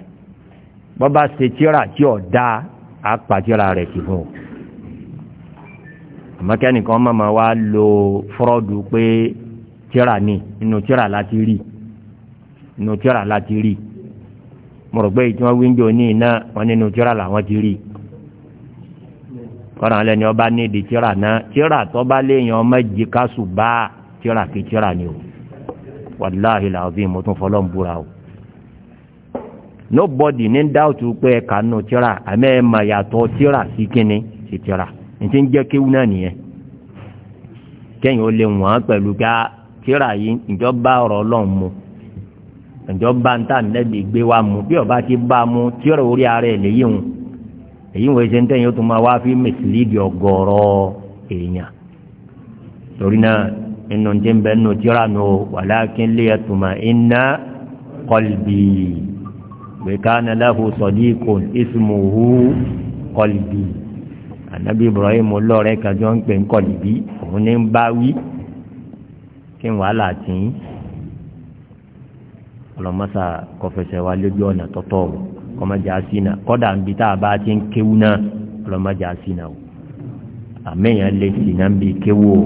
bọ́ bá ṣe tíra tí ọ̀ da apàtíra rẹ̀ ti fún o àmọ́ kẹ́nìkan mọ̀mọ́ wá lo fúrọ́dù pé tíra ni inú tíra láti rí inú tíra láti rí mo rò pé ìtumọ̀ wíńdò ní iná wọn nínú tíra làwọn ti rí kọ́nà lẹ́ni ọba nídìí tíra náà tíra tó bá léèyàn ọmọ jìkásù bá tíra kí tíra ni o. wàláhi làwọn mo tún fọlọ́ ń búra o nobody ní pé ẹ̀ka nù tíra àmẹ́ ẹ̀ yàtọ̀ tíra sí kínní sí tíra ní ń jẹ́ kéwú náà nìyẹn kẹ́yìn ó lè wọ́n pẹ̀lú ká ah, tíra yìí ìjọba ọ̀rọ̀ ọlọ́run mu ìjọba gbé wa mu bí ọba ti bá mu tíra orí ara lèyí èyí wọ́n ṣe ń tẹ̀yìn ó tún inú tí ń bẹ nù tíra nù walakin liyatuma inna qalbi wa kana lahu sadiqun ismuhu qalbi anabi ibrahim lọ́rẹ́ kájọ́ ń pè ń qalbi òun ní ń bá wí kí n wàhálà tì í ọlọmọsà kọfẹsẹ wa lójú ọ̀nà tọ́tọ́ o kọmọdé kọ́dà ń bi tá a bá ti ń kéwu náà ọlọmọdé asínà o àmẹ́yàn lè sínà ń bi kéwu o.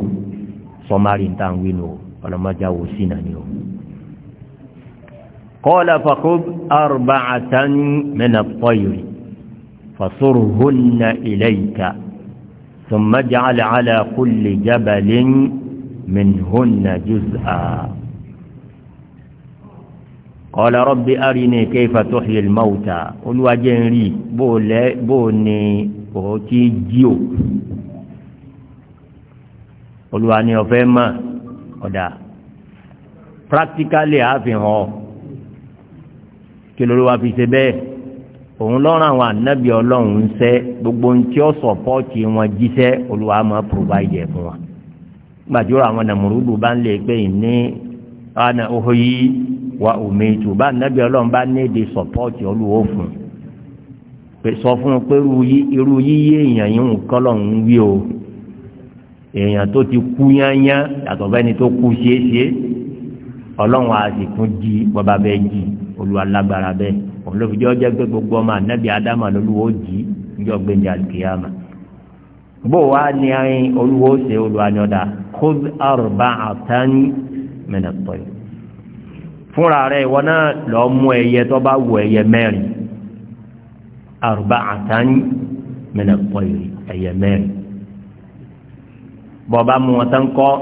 sọmárì tá à ń wí nù sí ni o. قال فخذ أربعة من الطير فصرهن إليك ثم اجعل على كل جبل منهن جزءا قال رب أرني كيف تحيي الموتى قل وجنري بوني بو ني أوتي جيو olùwà ni ọ̀fẹ́ ma ọ̀dà practically àfihàn kí lóru wa fi ṣe bẹ́ẹ̀ òun lọ́rùn àwọn ànábì ọlọ́run ń sẹ́ gbogbo ohun tí ó sọ̀pọ́ọ̀tì wọn jíṣẹ́ máa provide ẹ̀ fún wa gbàdúrà àwọn nàmúrúdù bá ń lè pé ìní wa bá ànábì ọlọ́run bá ní èdè sọ̀pọ́ọ̀tì fún sọ fún un pé irú yíyé èèyàn yìí ń kọ́ lọ́run wí o. èèyàn tó ti kú yányán yàtọ̀ fẹ́ni tó kú ṣeéṣe ọlọ́run àsìkún jí bọ́ba bẹ́ẹ̀ jí olúwa lágbára bẹ́ẹ̀ òun ló fi jọ́ jẹ́ pé gbogbo ọmọ ànábì ádámà lolúwo jí níjọ́ gbẹ̀ndẹ̀ àlùkìyàmà bó wa ni olúwo ṣe olúwa ni ọ̀dà khud arba'atan min fúnra rẹ̀ ìwọ náà lọ mú ẹyẹ tó bá wù ẹyẹ mẹ́rin arba'atan min at-tayr ẹyẹ mẹ́rin bọ́ba mú wọn tán kọ́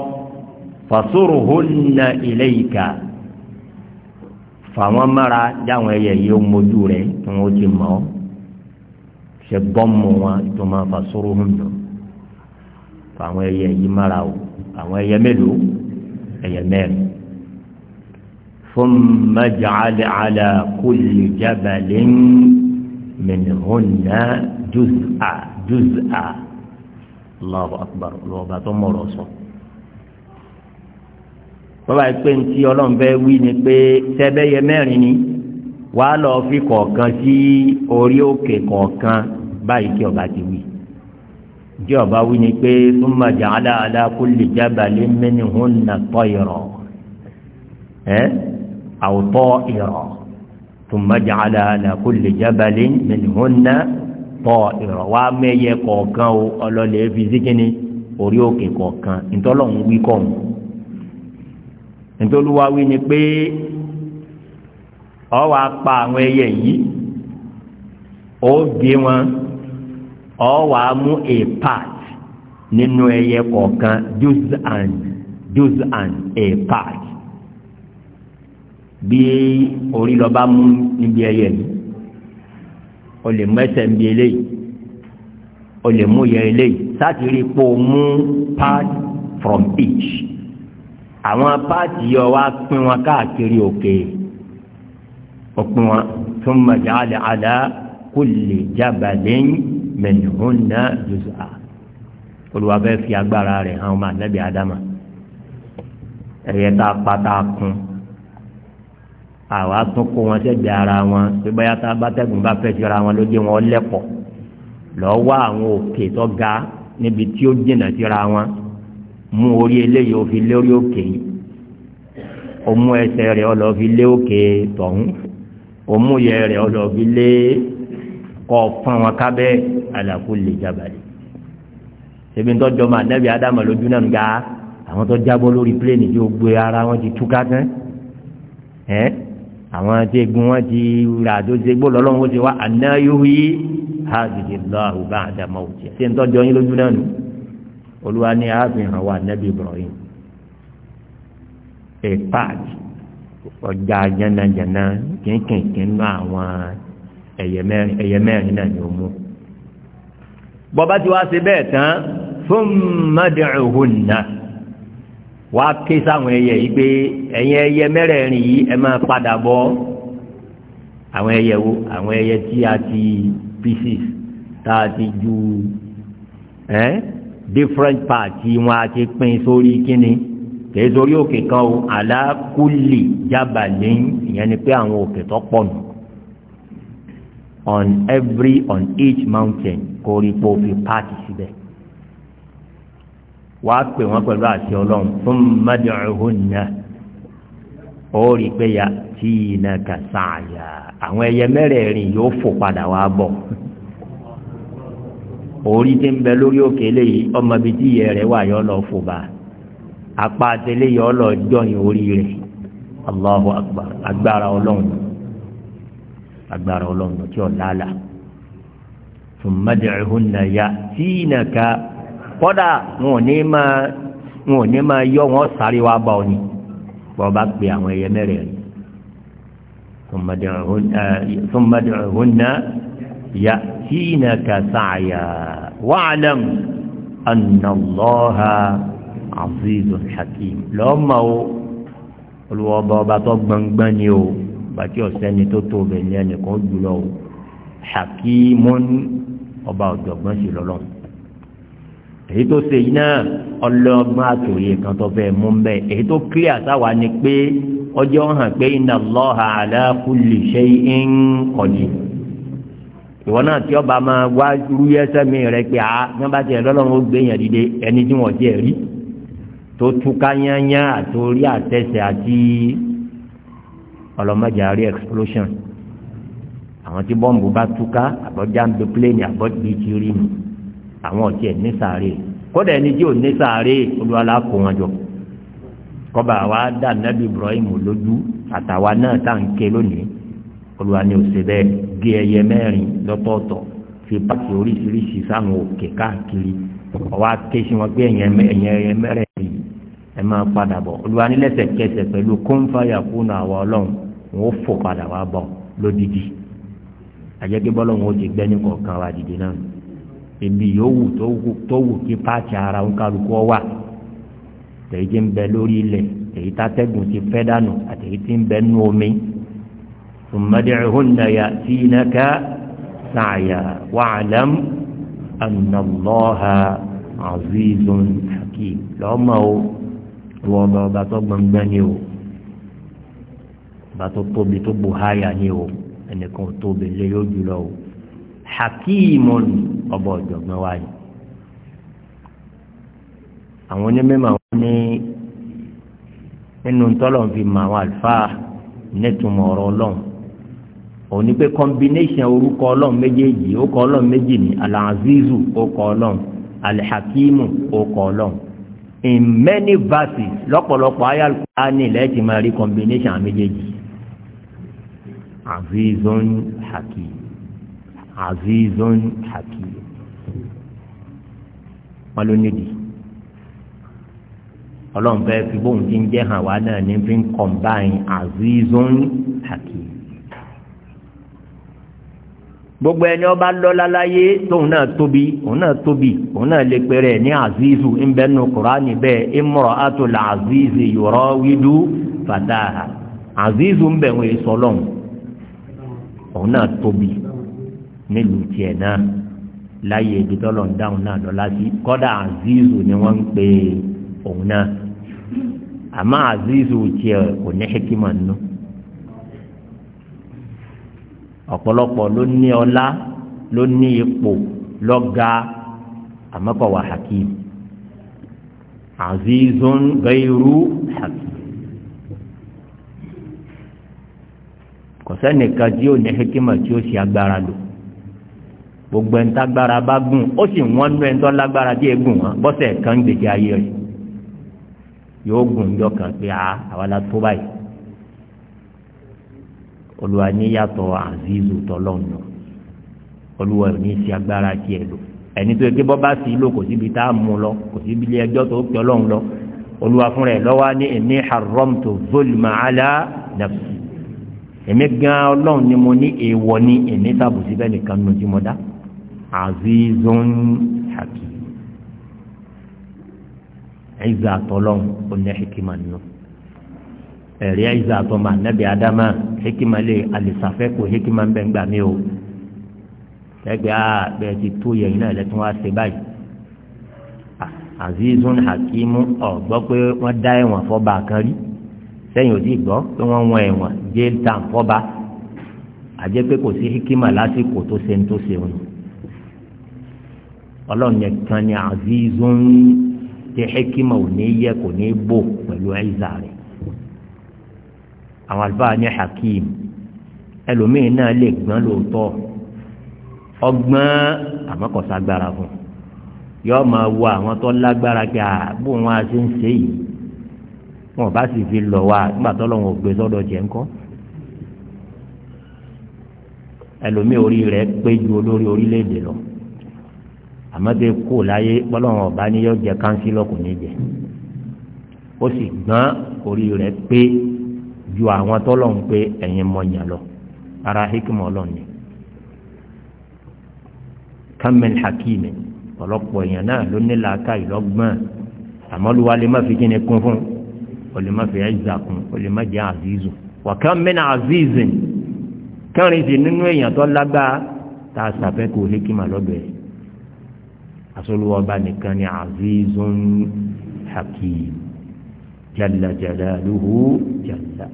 fàṣọrò hónà ilé ìka fàwọn mara jáwọn ẹyẹ yìí ó mójú rẹ tí wọn ó ti mọ ọ ṣe bọ́mù wọn tó máa fàṣọrò hónà fàwọn ẹyẹ yìí mara o àwọn ẹyẹ mélòó ẹyẹ mẹ́rin fún mẹjàálẹ àlà kúlì jábàlẹ mìnìhónà jùzà jùzà. Allahu akbar ọlọ́ọ̀bà tó mọ̀rọ̀ sọ. bọ́lá yìí pé ntí ọlọ́run fẹ́ wí ni pé tẹ́bẹ́yẹ mẹ́rin ni wàá lọ fi kọ̀ọ̀kan sí orí òkè kọ̀ọ̀kan báyìí kí ọba ti wí. jí ọba wí ni pé summa ja'ala ala kulli jabalin minhunna tayra ẹ́ aw ta'ira thumma ja'ala ala kulli jabalin minhunna. tọ́ ìrànwá wa kọ̀ọ̀kan o ọlọ́lẹ̀ fi orí òkè kọ̀ọ̀kan ntọ́lọ́hún wí ọ wàá pa àwọn ẹyẹ yìí ó gé wọn ọ wàá a part nínú ẹyẹ kọ̀ọ̀kan and a part bí orí lọ́ba mú níbi o lè mú ẹsẹ̀ ń bi eléyìí o lè mú yẹ eléyìí sáàtì rí pé o mú part from each àwọn páàtì yìí ọ wá pín wọn káàkiri òkè o pín wọn thumma ja'ala ala kulli jabalin minhunna juz'a olùwàfẹ́ fi agbára rẹ̀ hàn ọmọ ànábì ádámà ẹ̀yẹ tá kún àwa tún kó wọn sẹ́gbẹ̀ ara wọn pé báyà tá a bá tẹ́gùn bá fẹ́ síra wọn ló jẹ́ wọn lẹ́pọ̀ lọ́ọ́ wá àwọn òkè tó ga níbi tí ó jìnà síra wọn mú orí eléyìí ó fi lé orí òkè yìí ó mú ẹsẹ̀ rẹ̀ ó lọ fi lé òkè tọ̀hún ó mú yẹ rẹ̀ ó lọ fi lé kọ́ fún wọn kábẹ́ àlàkù lè jábàlẹ̀ ṣebí ń tọ́jọ́ máa dẹ́bi ádámà lójú náà ga àwọn tó jábọ́ lórí pléènì tí ó gbé ara wọn ti túká tán ẹ́. Eh? àwọn tí egun wọn ti rà tó ṣe gbó lọ́lọ́run ó ti wá àná yóò yí hàzìkì lọ́hù bá àdàmọ́ òtí ṣé ń tọ́jú ọyìn lójú náà nù olúwa ní àfihàn wa nẹ́bí Ibrahim a part ọjà jẹnajẹna kínkìnkín nú àwọn ẹyẹ náà ni ó mú bọ́bá ti wá ṣe bẹ́ẹ̀ tán fún mádìrún náà wàá ké sáwọn ẹyẹ yìí pé ẹ̀yin ẹyẹ mẹ́rẹ̀ẹ̀rin yìí ẹ máa padà bọ̀ àwọn ẹyẹ wo àwọn ẹyẹ tí a ti pieces tá a ti ju ẹ́ different parts wọn a ti pín sórí kíni kìí sórí òkè kan o alákùlì jábàlín ìyẹn ni pé àwọn òkè tó pọ̀ nù on every on each mountain kò rí po fi páàkì síbẹ̀. Si wàá pè wọ́n pẹ̀lú àti ọlọ́run fún mẹ́dìrìhónà ó rí pé ya tí iná kà sáàyà àwọn ẹyẹ mẹ́rẹ̀ẹ̀rin yóò fò padà wá bọ̀ orí tí ń bẹ lórí òkè léyìí ọmọ tí ìyẹ rẹ̀ wà yọ lọ fò bá apá àtẹlẹ yọ lọ jọyìn orí rẹ̀ Allahu akbar agbára ọlọ́run agbára ọlọ́run tí ọ̀ lálà fún ya tí iná kọ́dà wọn ò ní máa wọn ò ní máa yọ wọn sáré wá bá ọ ni bọ́ọ̀ bá pe àwọn ẹyẹ mẹ́rẹ̀ rẹ̀ thumma ud'uhunna ya'tinaka sa'ya wa'lam anna Allaha azizun hakim lọ́mọ o olùwọ́ba ọba tó gbọ̀ngbọ̀n ni o bàtí ọ̀sẹ́ni tó tóbi ní ẹnìkan jùlọ o hakimun ọba ọ̀jọ̀gbọ́n sí lọ́lọ́run èyí tó ṣe yìí náà ọlọ́gbọ́n àtòyè kan tó fẹ́ mú bẹ́ èyí tó clear sáwa ni pé ọjọ́ hàn pé inna Allaha ala kulli shay'in qadir ìwọ náà tí ọba máa wá rúyẹ sẹ́mi rẹ pé a ní bá tiẹ̀ lọ́lọ́run ó gbé yẹn dìde ẹni tí wọ́n jẹ́ rí tó túká yányá àtòrí àtẹsẹ̀ àti ọlọ́mọdé àrí explosion àwọn tí bọ́ǹbù bá túká àbọ̀já ń bẹ pléènì àbọ̀já ti rí mi àwọn ọ̀tí ẹ̀ ní sàárè kódà ẹni tí ò ní sàárè olúwalá kó wọn jọ kọba wa dá nàbí Ibrahim lójú àtàwa náà tá à ń ké lónìí olúwa ni òsè bẹ́ẹ̀ gé ẹyẹ mẹ́rin lọ́tọ̀ọ̀tọ̀ fi pàṣẹ oríṣiríṣi sáwọn òkè káàkiri ọwọ́ aké sí wọn pé ẹ̀yìn ẹyẹ mẹ́rin yìí ẹ máa padà bọ̀ olúwa ní lẹ́sẹ̀kẹsẹ̀ pẹ̀lú kóńfàyà fún àwa ọlọ́run wọn ó fò padà wá bọ̀ lódìdí àjẹgbẹ́bọ́lọ́run ó ti gbẹ́ ní kọ̀ọ̀kan wa dìde náà ibi yòówù tó wù kí páàkì ara ń kálukú wà tèyí tí ń bẹ lórí ilẹ̀ tèyí tátẹ́gùn ti fẹ́ dànù àtèyí tí ń bẹ nú omi sùmọ́dẹ̀ẹ́hùn náà tí sàyà wa'lam anna Allaha azizun lọ́mọ o wọ́n bá ọba tó gbọ̀ngbọ́n ni o ọba tó tóbi tó bù háyà ni o ẹnìkan tóbi lé yóò jùlọ o hakimun ọba ọ̀jọ̀gbọ́n wa ni àwọn onímọ̀ wọn ní nínú tọ́lọ̀ fi mọ àwọn àlùfáà nẹ́tùmọ̀ ọ̀rọ̀ ọlọ́run òní pé combination orúkọ ọlọ́run méjèèjì orúkọ ọlọ́run méjì ní alazizu orúkọ ọlọ́run alihakimu orúkọ ọlọ́run in many verses lọ́pọ̀lọpọ̀ ayálùkùránì lẹ́ẹ̀tì máa rí combination méjèèjì azizun hakim azizun hakim wọn ló nídìí ọlọ́run fẹ́ fi bóun ti ń jẹ́ hàn wá náà ní fi ń kọ̀ǹbáyìn azizun hakim gbogbo ẹni ọba lọ́lá láyé tóun náà tóbi òun náà tóbi òun náà lè pèrè ní azizu ńbẹ́nu kùránì bẹ́ẹ̀ ìmọ̀ràn àtòlà azizi yọ̀rọ̀ wídú fàdáhà azizu ńbẹ̀ èso ọlọ́run òun náà tóbi nílùú tiẹ̀ náà láyé ibi tọ́lọ̀ ń dáhùn náà lọ́la sí kọ́dà azizu ni wọ́n ń pe òun náà àmọ́ azizu tiẹ̀ kò ní hekima nù ọ̀pọ̀lọpọ̀ ló ní ọlá ló ní ipò lọ́ga àmọ́ kò wà hakim azizun gairu hakim kò sẹ́nìkan tí ó ní hekima tí ó ṣe agbára lò gbogbo ẹni tágbára bá gùn ó sì wọ́n nú ẹni tó lágbára díẹ̀ gùn wọ́n bọ́sẹ̀ kan gbèjì ayé rẹ̀ yóò gùn jọ kan pé a ah, àwa la tó báyìí olùwà níyàtọ̀ àzízù tọ́lọ́nù olùwà ò ní í ṣe agbára tiẹ̀ lò ẹni tó yẹ kí bọ́ bá sí lò kò síbi tá a mú lọ kò síbi ilé ẹjọ́ tó pẹ́ ọlọ́run lọ olùwà fúnra ẹ̀ lọ́wọ́ ní ẹ̀mí haramtu zulma ala nafsi èmi gan ọlọ́run ni mo ní èèwọ̀ ní èmi tàbùsí bẹ́ẹ̀ nìkan nù tí mo dá azizun hakim ẹ̀yìzà àtọ́lọ́n oní hikima nù ẹ̀rí ẹ̀yìzà àtọ́mà nẹ́bí adama hikima lè alìsàfẹ́ kò hikima ń bẹ́ ń gbà mí o ẹgbẹ́ a bẹ́ẹ̀ ti tó yẹ̀yìn náà lẹ́tún wá ṣe báyìí ah, azizun hakimu ọ̀gbọ́ pé wọ́n dá ẹ̀wọ̀n fọ́ba kan rí sẹ́yìn ò sì gbọ́ pé wọ́n wọ ẹ̀wọ̀n jail term fọ́ba àjẹ́ pé kò sí hikima lásìkò tó ṣe ń tó ṣe òun ọlọ́run nìkan ni azizun ti hekima ò ní yẹ kò ní bò pẹ̀lú ẹ̀zà rẹ̀ àwọn àlùfáà ní hakim ẹlòmíín náà lè gbọ́n lóòótọ́ ọgbọ́n àmọ́kọ̀ságbára fún yọ máa wọ àwọn tó lágbára kí a bó wọn a ṣe ń ṣe yìí wọn bá sì fi lọ wá nígbà tó lọ́wọ́ gbé sọ́dọ̀ jẹ́ ńkọ́ ẹlòmíín orí rẹ̀ pé olórí orílẹ̀-èdè lọ àmọ́bẹ kó láyé bọ́lọ́wọ́n ọba ni yóò jẹ kánsílọ̀ kò ní jẹ ó sì gbọ́n orí rẹ̀ pé ju àwọn tọ́lọ̀ ń pé ẹ̀yin mọ̀nyàn lọ ara hikimọ̀ ọlọ́ọ̀ni kamil hakimi ọ̀pọ̀lọpọ̀ èèyàn náà ló ní làákà ìlọ́gbọ́n àmọ́ ló wá lè má fi kí ni kún fún o lè má fi ẹ̀zà kún o lè má jẹ́ àzízù wà kamil àzízì kẹrin sí nínú èèyàn tó lágbára tá a sàfẹ́ kó hikimọ̀ lọ́dọ̀ asọ́lùwọ́ba nìkan ni azizun hakim jalla jalaluhu jalla.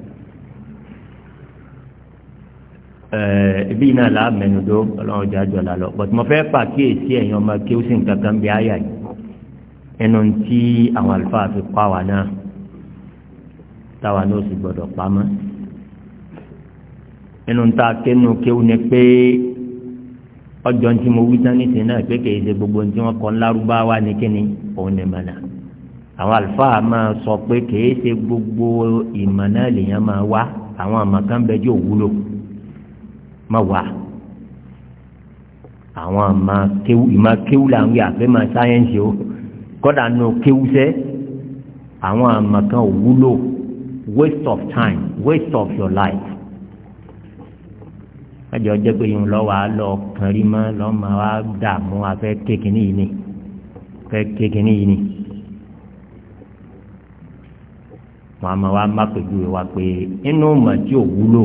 ibi iná la mẹnudó ọlọ́run ọjà jọ la lọ bọ́tù mo fẹ́ pàkíyèsí ẹ̀yin ọmọ kí ó sì ń kankan bí àyà yìí ẹnu tí àwọn àlùfáà fi kọ́ àwa náà táwa náà sì gbọ́dọ̀ pamọ́ ẹnu tá a kéwòn kéwòn ni pé ọjọ́ ntí mo wí tán nísìnyí náà pé kèé ṣe gbogbo ntí wọn kọ́ ńlárúbáwá ní kíni òun ni mọ̀nà àwọn àlùfáà máa sọ pé kèé ṣe gbogbo ìmọ̀ náà lèèyàn máa wá àwọn àmọ̀ kan bẹ jẹ́ òwúlò má wà àwọn àmọ̀ kéwù ìmọ̀ kéwù là ń wí àfẹ́ máa sáyẹ́ǹsì o kọ́dà nù kéwù sẹ́ àwọn àmọ̀ kan òwúlò waste of time waste of your life mẹjọ jẹ pé yìí ń lọ wà á lọ kàn rí mọ lọmọ wa dààmú afẹ kékeré yìí ni afẹ kékeré yìí ni wọn a máa wá má pẹ̀lú wa pé inú mà tí ò wúlò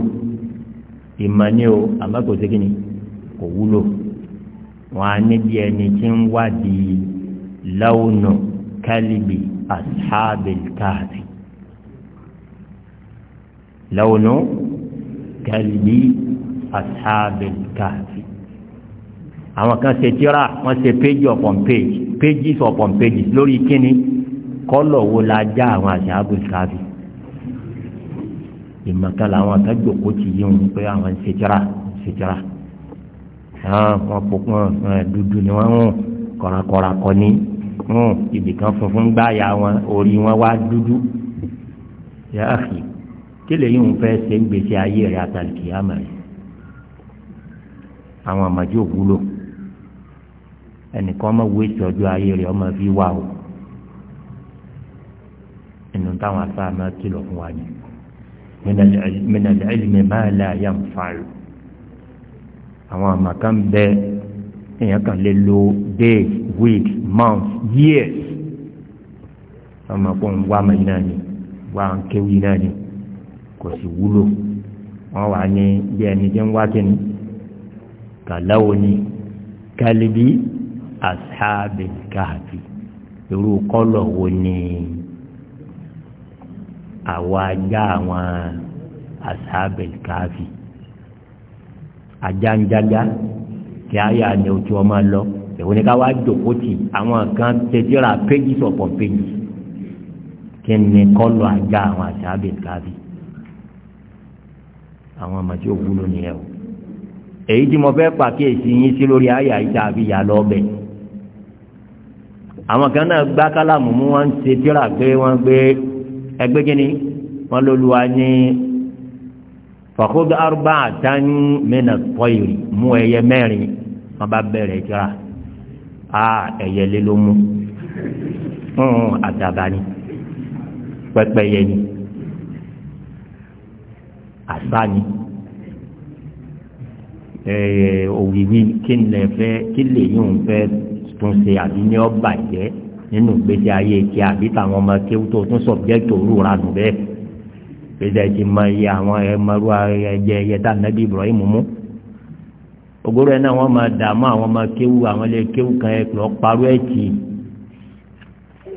ìmọ̀ ni o àmọ́ kò sí kíni kò wúlò wọn a níbi ẹni tí ń wádìí láwùnà kálíbì ashabil kahfi láwùnà kálíbì ashabil kahfi àwọn kan ṣe tíra wọ́n ṣe page upon page pages upon pages lórí kíni kọ́lọ̀ wo la já àwọn ashabil kahfi ìmọ̀kan làwọn kan jòkó ti yí wọn pé àwọn ṣe tíra ṣe tíra wọn pọpọ dúdú ni wọn hùn kọrakọra kọ ní hùn ibìkan funfun gbáàyà wọn orí wọn wá dúdú yáàfì kí lèyìn òun fẹ́ ṣe ń gbèsè ayé rẹ̀ àtàlùkì àmàlẹ́ àwọn àmàjò wúlò ẹnìkan máa wé ìtọ́jú ayé rẹ̀ ọmọ fi wà o inú táwọn afáà máa kìlọ̀ fún wa ni mìnàlẹ́ ẹ̀lìmẹ̀ máa la yà ń fàlù àwọn àmàkà ń bẹ èèyàn kan lè lo days weeks months years ọmọ pọ̀ ń wá mẹ́yìn náà ni wá ń kéwì náà ni kò sì wúlò wọ́n wà ní bí ẹni tí ń wá kíni kàláwòní kálíbí asábẹ̀ káàfi irú kọ́lọ̀ wo ni àwọn ajá àwọn asábẹ̀ káàfi ajá ń jágá kí àyà ni o tí wọ́n máa lọ èwo ni ká wá jòkó tì àwọn kan tẹ̀síra pages upon pages kí ni kọ́lọ̀ ajá àwọn asábẹ̀ káàfi àwọn ọmọ tí ó wúlò nìyẹn o èyí tí mo fẹ́ pàkíyèsí yín sí lórí àyà ìta àfi ìyá lọ bẹ̀. àwọn kan náà gbá kálàmù mú wọn ń ṣe tíra pé wọn gbé ẹgbẹ́ kínní wọn lóluwa ní fàkóso arúgbó àtàn mẹ́nà tọ́yìrì mú ẹyẹ mẹ́rin wọn bá bẹ̀rẹ̀ tíra a ẹyẹ lé ló mú àdàbà ni pẹ́pẹ́yẹ ni àṣà ni. Eh, òwìwí kí lè fẹ́ kí lè yóò fẹ́ tún ṣe àbí ní ọ bàjẹ́ nínú gbèsè ayé kí àbí táwọn ọmọ kéwù tó tún sọ̀bjẹ́tì òrùra nù bẹ́ẹ̀ gbèsè ti mọ iye àwọn ẹmọrú ẹjẹ ẹyẹta nàbí Ibrahim mú ògbóró ẹ náà wọn máa dààmú àwọn ọmọ kéwù àwọn ilé kéwù kan ẹ lọ parọ ẹ tì í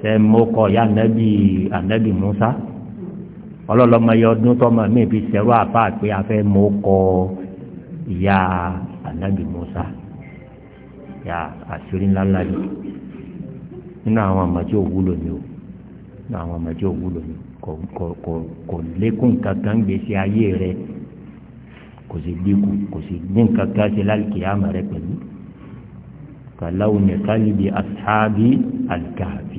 ẹ mọ kọ ya nàbí ànàbí Musa ọlọlọmọ yẹ ọdún tọmọ mi fi ṣẹrú àpá àpé afẹ mọ kọ ọ ìyá anabi musa ìyá àṣírí ńláńlá ni nínú àwọn àmàjẹ òwúlò ni o nínú àwọn àmàjẹ òwúlò ni kò kò kò kò lékún kankan gbèsè ayé rẹ kò sì dínkù kò sì dín kankan ṣe lálùkì àmà rẹ pẹ̀lú kàláwù nìkan níbi asáábì àlùkàbí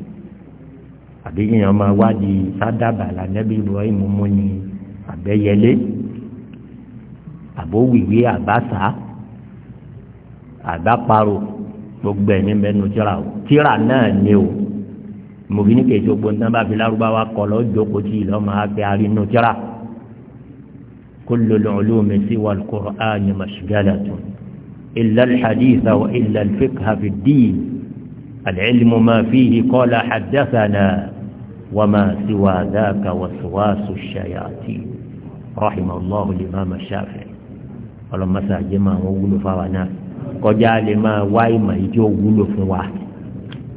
àbí yìnyín ọmọ wádìí sádàbà lànàbí ibrahim mú ni àbẹ́yẹlé àbówìwé àbáṣà àbáparò gbogbo ẹni mẹnu tíra o tíra náà ni o mòbí ní kejì ogbó nígbà bá fi lárúbáwá kọ lọ jókòó tí ìlọ máa fi arínú tíra kullul ulumi siwa al-Qur'ani mashghalatun illa al-haditha wa illa al-fiqha fi ad-din al-ilmu ma fihi qala haddathana wa ma siwa dhaka waswasu ash-shayatin rahima Allahu Shafi'i ọlọmọsà jẹ máa wọn wúlò fáwa náà kọjá lè máa wá ìmọ̀ yìí tí ó wúlò fún wa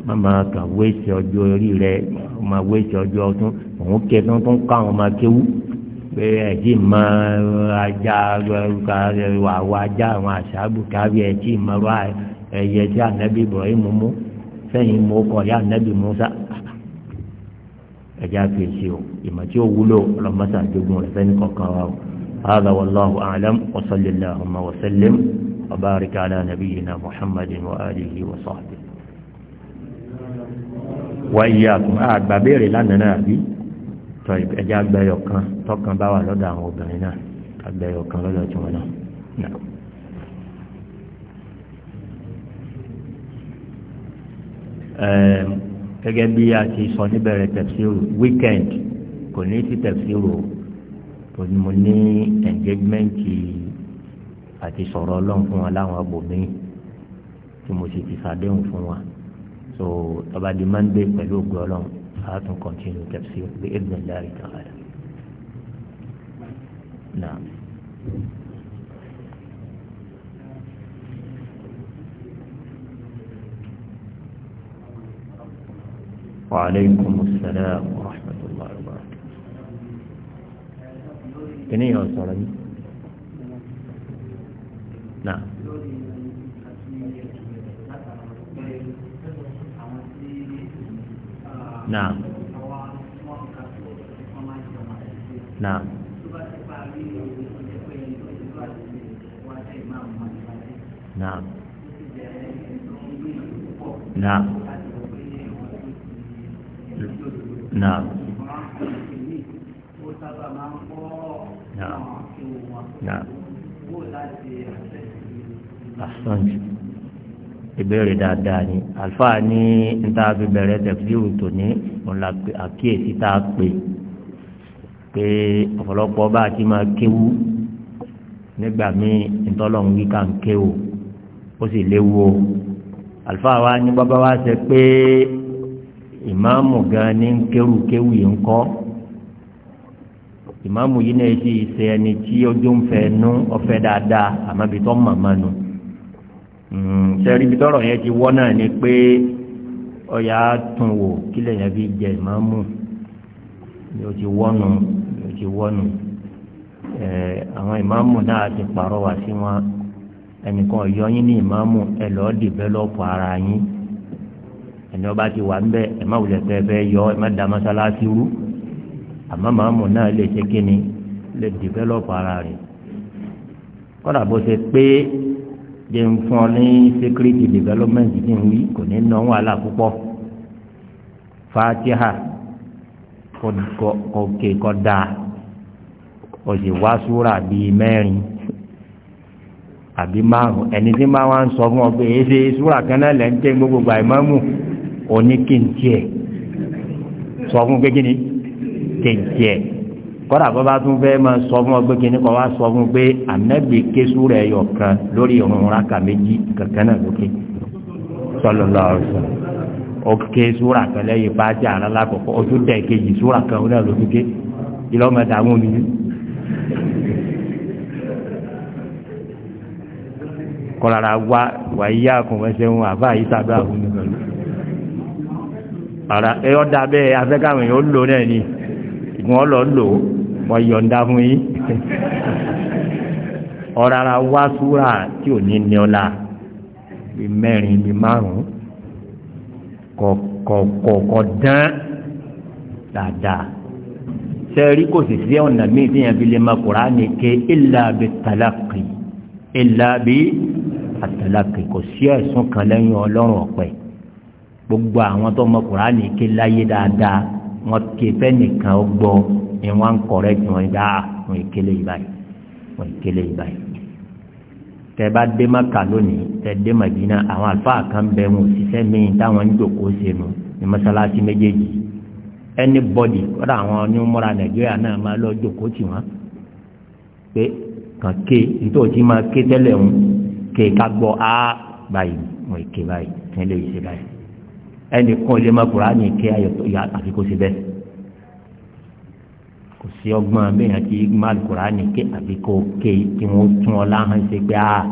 má máa kàn wéṣẹ ọjọ́ orí rẹ máa wéṣẹ ọjọ́ ọtún òun kẹ tó tó ń kọ àwọn máa kéwú pé ẹtí mọ ajá àwọn ajá àwọn àṣàbù kárí ẹtí mọ ẹyẹ tí ànábì Ibrahim mú sẹ́yìn mú kọ ya ànábì Musa ẹjá fèsì o ìmọ̀ tí ó wúlò ọlọmọsà jogún rẹ fẹ́ni kọ̀ọ̀kan wa o. هذا والله أعلم وصل اللهم وسلم وبارك على نبينا محمد وآله وصحبه وإياكم أعد بابيري لنا نابي طيب أجاب بيوكا طبقا بوا لدى عمودنا أجاب بيوكا لدى جمنا نعم gẹ́gẹ́ bí a ti sọ níbẹ̀rẹ̀ tẹ̀síwò wíkẹ́ndì kò ní sí tẹ̀síwò torí mo ní ẹ̀ńgẹ́gmẹ́ǹtì àti sọ̀rọ̀ ọlọ́run fún wa láwọn abòmíì tí mo sì ti sàdéhùn fún wa so ọba di monday pẹ̀lú ògùn ọlọ́run a tún continue tẹ̀sí pé ẹgbẹ́ ńlá rẹ̀ kàn án. Naam. وعليكم السلام ورحمة الله kìnìún yẹn sọ̀rọ̀ yìí. Nà. Nà. Nà. Nà. Nà. Nà. náà àsanjù ìbéèrè dáadáa ni àlùfáà ní níta fi bẹ̀rẹ̀ tẹ̀síwù tòní òun la àkíyèsí tá a pè pé ọ̀pọ̀lọpọ̀ bá a ti máa kéwú nígbà míì ntọ́lọ́hún wí ká ń kéwò ó sì léwu o àlùfáà wa ní bàbá wa ṣe pé ìmáàmù gan ni ń kéwù kéwù yìí ń kọ́ ìmáàmù yìí náà ti ṣe ẹni tí ojú ń fẹ́ nú ọ̀fẹ́ dáadáa àmọ́ ibi tó mọ̀ mọ́ nu sẹ́rí hmm, ibi tọ́rọ̀ yẹn ti wọ́ náà ni pé ọ̀yà tún wò kílẹ̀ yẹn fi jẹ ìmáàmù yóò ti wọ́nu yóò ti wọ́nu àwọn ìmáàmù náà ti pàrọwà sí wọn ẹnìkan ọ̀yọ́ yín ní ìmáàmù ẹ lọ́ọ́ dìbẹ́lọ́pù ara yín ẹni ọba ti wà ń bẹ ẹ má wulẹ̀ pẹ́ fẹ́ yọ ẹ má da mọ́sálásí rú àmọ́ màámu náà lè ṣe kíni lè dìvẹ́lọ́pù ara rẹ̀ kọ́dà bó ṣe pé jẹ́ ń fún ọ ní security development ní wí kò ní ná wàhálà púpọ̀ fatiha kọ̀ọ̀kẹ́ kọ́dà ọ̀sẹ̀ wá súra bíi mẹ́rin àbí márùn ẹni tí máa wá ń sọ fún ọ pé èyí súra kan náà gbogbo àìmọ́mù oníkìntì ẹ̀ sọ fún pé tẹ̀ǹtẹ̀ kọ́dà bọ́ bá tún fẹ́ máa sọ fún ọ pé kíní kan wá sọ fún pé ànábì kéṣu rẹ̀ yọ̀ kan lórí ìrun raka méjì kankan náà lókè sallallahu alaihi wasallam òkè súra kan lẹ́yìn fàájì àrà lákòókò ojú tẹ̀ kejì súra kan ó náà lókè ké ìlọ́mọdé àwọn oníyí. kọ́lára wá wàyí àkùnrin ṣẹ́wọ̀n àbá yìí sábẹ́ àwọn oníyí. ara ẹ ọ́ dábẹ́ afẹ́káwọn yóò lò náà ni ìgbọ́n lọ lò mọ yọ̀ǹda fún yín ọ̀rọ̀ ara wá súra tí ò ní ní ọ̀la bí mẹ́rin bí márùn-ún kọ̀ọ̀kọ̀ dán dáadáa sẹ́ẹ̀rí kò sì sí ọ̀nà míì tí yẹn fi lè máa Kùránì ké illa bi talaqi illa bi àtàlàkì kò sí ẹ̀sùn kan lẹ́yìn ọlọ́run ọ̀pẹ gbogbo àwọn tó mọ Kùránì ké láyé dáadáa wọn ké fẹ́nìkan ó ni wọ́n ń kọ̀rẹ́ tí wọ́n dá ah, wọn ìkélé ìbáyìí wọn ìkélé ìbáyìí tẹ bá dé maka lónìí tẹ dé madina àwọn àlùfáà kan bẹ wọn òṣìṣẹ́ míì táwọn ń jòkó sínú ní mọ́sálásí méjèèjì anybody kọ́dà àwọn onímọ̀ra nàìjíríà náà máa lọ jòkó tì wọ́n pé kàn ké nítòsí máa ké tẹ́lẹ̀ ń ké ká gbọ́ á ah, báyìí wọn ìké báyìí tẹ́lẹ̀ ìṣe báyìí ẹnì kan lè má kúránì ya àfi kó ṣe bẹ́ẹ̀ kò sí ọgbọ́n mẹ́yàn tí má kúránì kí àfi kó ké kí wọ́n tún ọ láhàn ṣe pé a ah,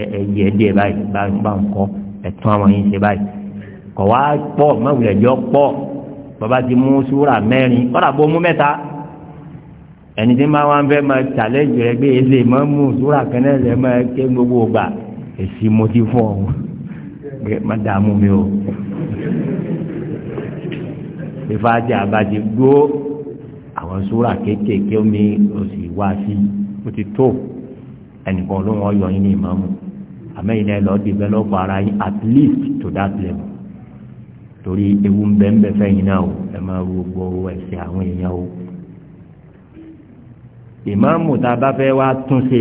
ẹyẹ díẹ̀ báyìí bá ń kọ́ ẹ̀tún àwọn yìí ṣe báyìí kọ̀ wá pọ̀ mọ̀wùlẹ̀ jọ pọ̀ bàbá ti mú súra mẹ́rin kọ́dà bó mú mẹ́ta ẹni tí máa wá ń fẹ́ máa challenge rẹ pé èlé mọ́ mú súra kẹ́nẹ́ rẹ máa ké gbogbo gbà èsì mo ti fọ́ ọ má dààmú mi o ìfàjì àbájì gbó àwọn súrà kéékèèké omi òsì wá sí ó ti tó ẹnìkan ló wọn yọ yín ní ìmáàmù àmẹ́yìn náà lọ́ọ́ develop ara yín at least to that level torí ewu ń bẹ ń bẹ fẹ́yìn náà o ẹ máa wo gbogbo ẹ̀sìn àwọn èèyàn o ìmáàmù tá a bá fẹ́ wá tún ṣe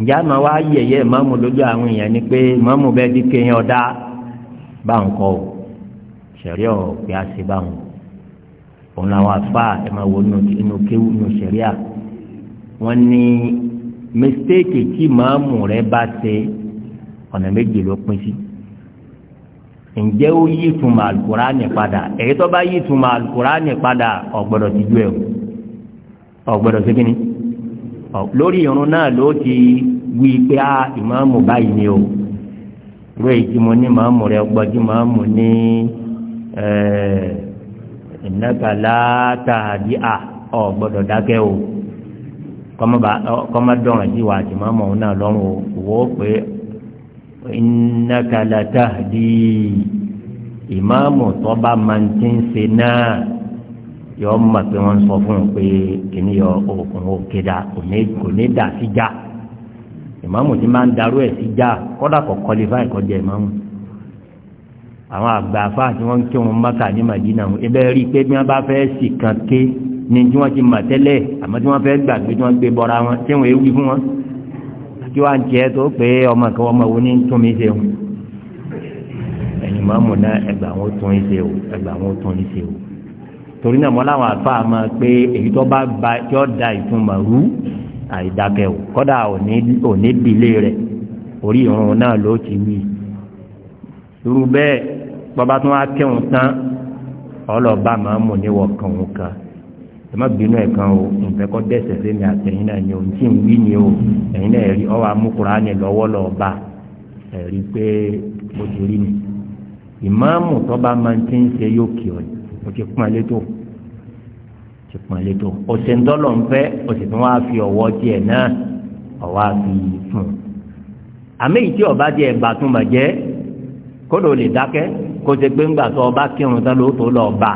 ǹjẹ́ àmọ́ wá yẹ̀yẹ́ ìmáàmù lójú àwọn èèyàn ni pé ìmáàmù bẹ́ẹ̀ di kéèyàn ọ̀dá bá ń kọ́ o sẹ̀ríà ọ̀pẹ́ àṣebáwọn òun làwọn afa ẹ máa wo inú kéwù inú sẹ̀ríà wọ́n ní mistake tí màámù rẹ bá ṣe ọ̀nà méje ló pín sí ǹjẹ́ ó yí ìtumọ̀ alukurani padà èyí tó bá yí ìtumọ̀ alukurani padà ọ̀gbọ́dọ̀ ti ju ẹ̀ o ọ̀gbọ́dọ̀ sí kínní lórí irun náà ló ti wí pé a ìmáàmù báyìí ni o ró èyí tí mo ní màámù rẹ gbọ́dọ̀ màámù ní. Ni Eh, innaka la tahdi'a ọ gbọdọ dákẹ́ o kọ́mọdọ̀rọ̀ jí wa àti mọ́mọ́ òun náà lọ́rùn wò ó pé innaka la tahdi ìmáàmù tó máa ma pé wọn sọ fún un pé kìnìún yọ òkun kò ní dà sí já ìmáàmù ti máa ń darú sí já àwọn àgbà afá tí wọ́n ń kí wọn mọ́kà ní màdínà wọn ibẹ̀ rí i pé bí wọ́n bá fẹ́ sì kàn ké ní tí wọ́n ti mà tẹ́lẹ̀ àmọ́ tí wọ́n fẹ́ gbàgbé tí wọ́n gbé bọ́ra wọn tí wọ́n ewì fún wọn kí wọ́n á jẹ́ tó pé ọmọ kan ọmọ wo ní tún mi ṣe wọn ẹ̀yìn mọ́mù náà ẹgbà wọn tún ṣe o ẹgbà wọn tún ṣe o torí náà mọ́ láwọn àfa máa pé èyí tó bá ba tí ó da ìtumọ̀ rú àìdákẹ́ o kọ́dà òní bìlé rẹ̀ orí bàbá tó wá kẹ́hùn tán ọlọ́ọ̀bá máa mọ̀ níwọ̀ kan òun kan ẹ má bínú ẹ̀ kan o nfẹ́ kọ́ dẹ́sẹ̀ fẹ́mi àtẹ̀yìn náà ni òun tí ń wí ni o ẹ̀yìn náà ẹ̀rí ọwọ́ amúkúránì lọ́wọ́ lọ́ọ̀bá ẹ̀rí pé o ti rí mi ìmáàmù tọ́ba máa ti ń ṣe yóò kí ọ o ti pọn létò o ti pọn létò o ṣe ń dọ́lọ̀ ń fẹ́ o sì tún wá fi ọwọ́ tiẹ̀ náà ọwọ́ fi fún un àmì ìtí ọba tiẹ̀ bàtúmọ̀ jẹ́ kódò lè dákẹ́ kó ṣe pé ńgbà tó ọba kírun tán ló tó lọ bá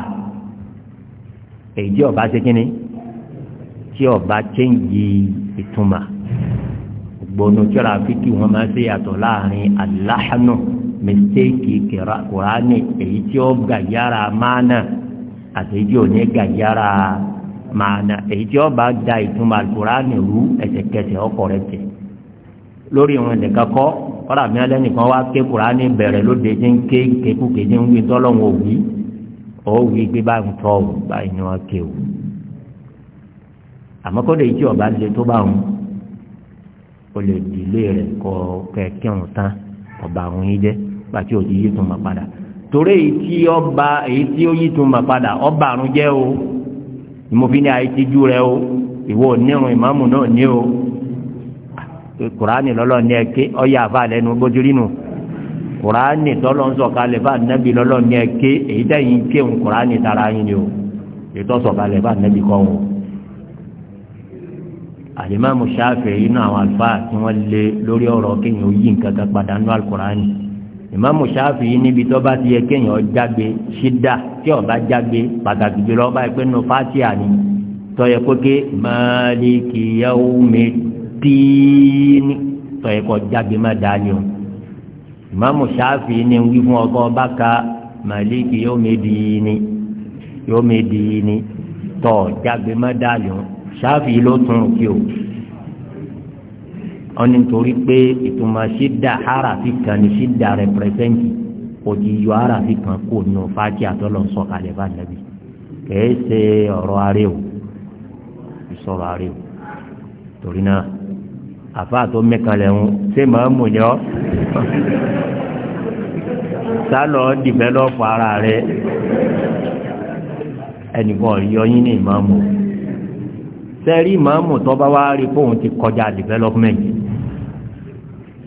èyí tí ọba ṣe kínní tí ọba chẹ́ǹgì ìtumà gbọ́nù tíra fíkì wọn máa ṣe yàtọ̀ láàrin aláhánù mẹsẹ́ẹ̀kì kùránì èyí tí ó gàyàrá máànà àti èyí tí ò ní gàyàrá máànà èyí tí ọba da ìtumà kùránì rú ẹsẹ̀kẹsẹ̀ ọkọ̀ rẹ̀ tẹ̀ lórí ìwọn nìkan kọ́ kọ́dà mi lẹ́nìkan wá ké Kùránì bẹ̀rẹ̀ lóde jẹ́ ń ké kéku kéde ń wí tọ́lọ́hún òwì òwì gbé báyìí tọ́ ò báyìí ni wọ́n ké o àmọ́ kọ́dà yìí ọba lè tó bá wọn o lè di ilé rẹ̀ kọ́ kẹ́kẹ́ wọn tán ọba àwọn yìí jẹ́ pàtí òjì yìí tún máa padà torí èyí tí ọba èyí tí ó yìí tún máa padà ọba àrùn jẹ́ o ìmọ̀fin ni àìtíjú rẹ o ìwọ onírun ìmáàmù náà ní o kùránì lọ́lọ́ ní ẹ̀kẹ́ ọ̀yà àfa lẹ́nu gbójúrínù kùránì tọ́lọ́ ń sọ̀kalẹ̀ bá nẹ́bí lọ́lọ́ ní ẹ̀kẹ́ èyí dẹ́yìn kéwù kùránì tara yín ni o ètò sọ̀kalẹ̀ bá nẹ́bí kọ́ wọn. àlìmáàmù Ṣáfi'í inú àwọn àlùfáà tí wọ́n lé lórí ọ̀rọ̀ kéèyàn yí nǹkan kan padà nú àlùkùránì ìmáàmù Ṣáfi'í níbi tó bá ti yẹ kéèyàn jágbe ṣídà tí ó bá jágbe díínì tọ̀yẹ̀ kọ́ jáde má dáa ni o ìmáàmù ṣáfì ni wí fún ọkọ ọba ka màlíkì yóò mi díínì yóò mi díínì tọ̀ jáde má dáa ni o ṣáfì ló tún kí o wọ́n ní torí pé ìtumọ̀ ṣídà harafi kan ní ṣídà rẹpẹrẹsẹ́ǹtì òjì yọ harafi kan kò nù fàájì àtọ́lọ́ sọ̀kalẹ̀ bá nàbí kèé ṣe ọ̀rọ̀ arẹ́ o ìsọ̀rọ̀ arẹ́ o torí náà àfáà tó mẹ́kànlẹ̀ ń ṣé màá mú yọ sálọ dìbẹ́lọ́pù ara rẹ ẹnìkan yọ yín ní ìmáàmù sẹ́rí ìmáàmù tó bá wá rí fóun ti kọjá development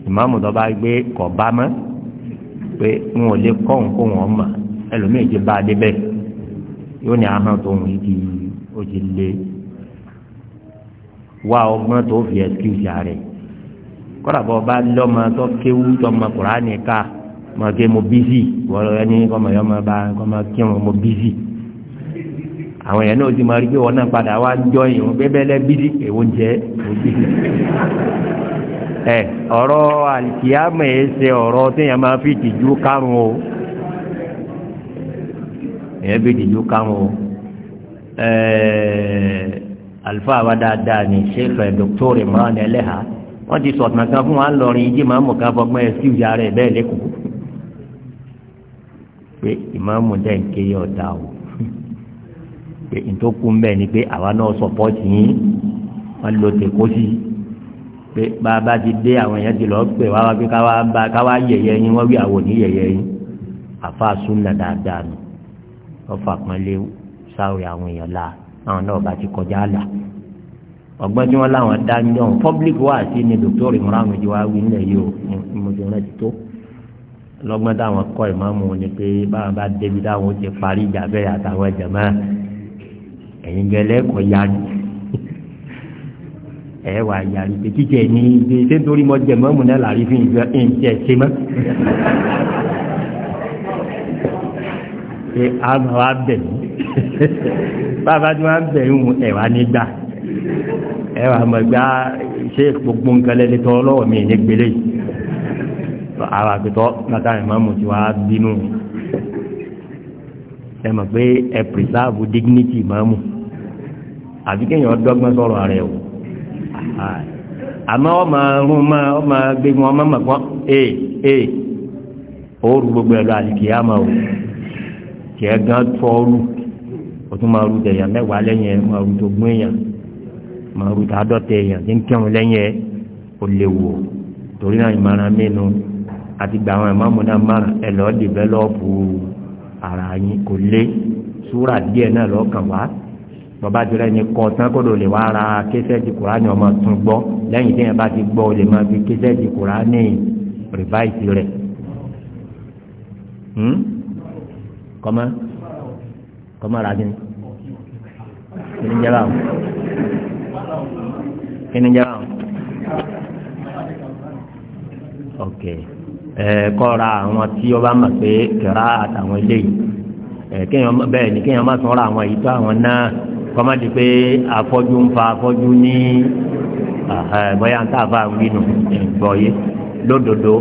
ìmáàmù tó bá gbé kọ̀ bá mọ́ pé n ò lè kọ́ òun kó wọ́n ẹlòmíì ti bá a débẹ̀ yóò ní ahọ́n tó ń di ó ti lé wá ọgbọ́n tó fi ẹ̀skíwìsì rẹ̀ kọ́dà bọ́ bá lọ́mọ tó kéwú tọmọ kùránì ká mọ ké mo bízì wọ́n ẹni kọ́mọ yọmọ bá kọ́mọ kírun mo bízì àwọn èèyàn náà ti máa rí pé wọn náà padà wá ń jọ ìrún bẹ́bẹ́lẹ́ bízì èwo jẹ́ mo bízì ẹ ọ̀rọ̀ àlìkíyàmọ̀ ẹ̀ ṣe ọ̀rọ̀ téèyàn máa fi tìjú kárùn o èèyàn fi tìjú kárùn o ẹ̀ẹ́. alfa wa dáadáa sheikh dr imran eleha wọ́n ti sọ̀tàn kan fún wa ń lọrin ìdí màmú ká fọgbọ́n ẹ̀sìn ìyá rẹ̀ bẹ́ẹ̀ lẹ́kọ̀ọ́ pé ìmáàmù dẹ̀ ń ké yọ̀ dá o pé ìtòkù ni lo ti de awon èèyàn ti lọ́ọ́ pè wá wá pé káwá bá káwá yẹ̀yẹ́ yín wọ́n wí àwọn òní yẹ̀yẹ́ yín àwọn náà bá ti kọjá àlà ọgbọ́n tí wọ́n láwọn dá ní ọ̀hún public wá sí ni dr imran ojú wa wí nílẹ̀ yìí o mo ti rántí tó lọ́gbọ́n táwọn kọ́ ìmáàmù ni pé báwọn bá débi táwọn ó ti parí ìjà bẹ́ẹ̀ àtàwọn ẹ̀jẹ̀ mọ́ ẹ̀yin gẹ́lẹ́ kọ́ yarí ẹ̀ wà yarí pé kíkẹ́ ní ibi ṣé nítorí mo jẹ̀ mọ́mù náà làrí fi ìjọ ẹ̀ ń tiẹ̀ ṣe mọ́ ṣé àmọ́ wa bàbá tí wọ́n bẹ̀ ń ẹ̀wà nígbà ẹ̀wà mọ̀gbá ṣé gbogbo nǹkan lẹ́lẹ́ tọ́ lọ́wọ́ mi ní gbélé àwọn àgbẹ̀tọ́ látà ìmọ̀mù tí wọ́n bínú ẹ mọ̀ pé ẹ pìrìsáàbù dignity ìmọ̀mù àbí kéèyàn dọ́gbọ́n sọ̀rọ̀ rẹ̀ o àmọ́ ọmọ ọrùn máa ọmọ gbé wọn ọmọ mọ̀gbọ́n ee ee òórùn gbogbo ẹ̀ lọ àdìkì àmọ́ o tiẹ̀ gan o tún máa rúdẹ̀ èèyàn mẹ́wàá lẹ́yìn ẹ máa rúdẹ̀ ogún èèyàn máa rúdẹ̀ àádọ́tẹ̀ èèyàn tí ń kírun lẹ́yìn ẹ ó léwu o torí náà ìmọ̀ràn mẹ́nu àti gbà àwọn ìmọ̀mù náà máa ẹ lọ́ọ́ dìbẹ́lọ́ọ̀pù ara yín kò lé súrà díẹ̀ náà lọ́ọ̀kàn wá bàbá jùlọ ẹni kọ tán kó ló lè wá ra késẹ́ẹ̀tì kùránì ọmọ tún gbọ́ lẹ́yìn tí yẹn bá ti gbọ́ lè máa fi késẹ́ẹ̀tì kùránì rìváìsì rẹ̀ hmm? kọ́mọ́ kọ́mọ́ra gíní kíni jẹ́ra o kíni jẹ́ra o ok ẹ kọ́ra àwọn tí ó bá mọ̀ pé kẹ̀rá àtàwọn eléyìí ẹ kéèyàn bẹ́ẹ̀ ni kéèyàn má tún ra àwọn èyí tó àwọn náà kọ́mọ́dé pé afọ́jú ń fa afọ́jú ní bóyá tá a bá ń wí nù gbọ́ yé lódodo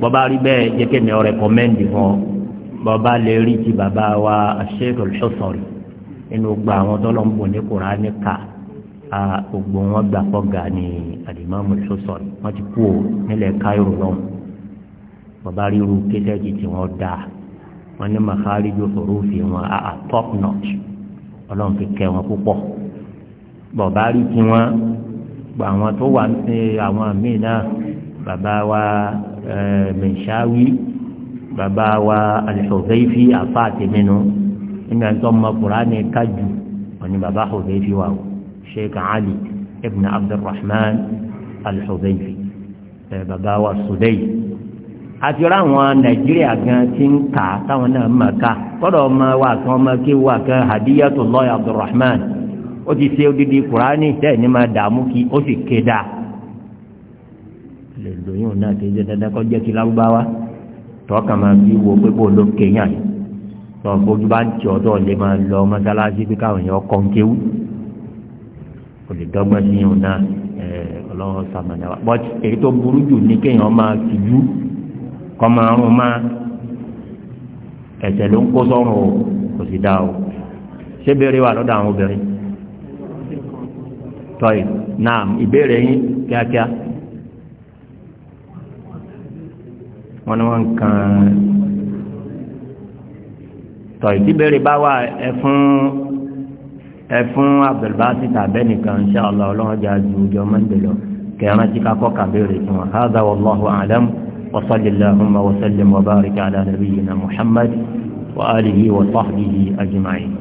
bọ́ bá rí bẹ́ẹ̀ jẹ́ kéèyàn rẹ̀ fún ọ bàbá lè rí ti bàbá wa Sheikh al-Husari nínú gba àwọn tó lọ́n bò ní Kùránì ká gbogbo wọn gbà kọ́ gà ní al-Imam al-Husari wọ́n ti kú o nílẹ̀ Cairo lọ́hùn bàbá ríru kéṣẹ́ẹ̀kì tí wọ́n dá wọn ní makhariju hurufi wọn a top notch ọlọ́run fi kẹ́ wọn púpọ̀ bàbá rí tí wọ́n gba àwọn tó wà ní àwọn míì náà bàbá wa eh, Minshawi bàbá wa alìṣọ̀fẹ́fì àfa àtẹ̀mẹ́nu nígbà tó mọ kùránì kájù òní bàbá àṣọfẹ́fì wà o sheikh ali ibn abdulrahman alìṣọ̀fẹ́fì bàbá wa sùdẹ́yì àti ọ̀rọ̀ àwọn nàìjíríà gan ti ń kà táwọn náà mọ̀ ká kọ́dọ̀ ọmọ wa kan ọmọ kí wà kan hadiyatullahi abdulrahman ó ti ṣe odidi kùránì tẹ́ẹ̀ ní máa dààmú kí ó sì ké dáa lè lóyún náà kí ẹ jẹ́ dandan kọ́ kí lárúbáwá tọ́kàn máa fi wo pé bó ló kéyàn yìí tọ́ fojú bá ń tì ọ́ tó lè máa lọ mọ́sálásí pé káwọn èèyàn kọ́ ń kéwú kò sí yìí náà ọlọ́wọ́ sàmàlà wa bọ́t èyí tó burú jù ní kéèyàn máa tìjú kọ́ máa rún máa ẹ̀sẹ̀ ló ń kó sọ́run o kò sì dáa o ṣé béèrè wà lọ́dọ̀ àwọn obìnrin tọ́yì náà ìbéèrè yín kíákíá. wọ́n ní wọ́n kàn tọ̀ ìtìbẹ̀rẹ̀ bá wà ẹ fún ẹ fún abdulbasi tàbẹ́ nìkan insha Allah ọlọ́run jà ju ọjọ́ mọ́ndé lọ kẹrin ti kakọ́ kàbẹ́rẹ̀ fún wa hadha wallahu a'lam wa sallallahu wa ala nabiyyina muhammad wa alihi wa sahbihi ajma'in.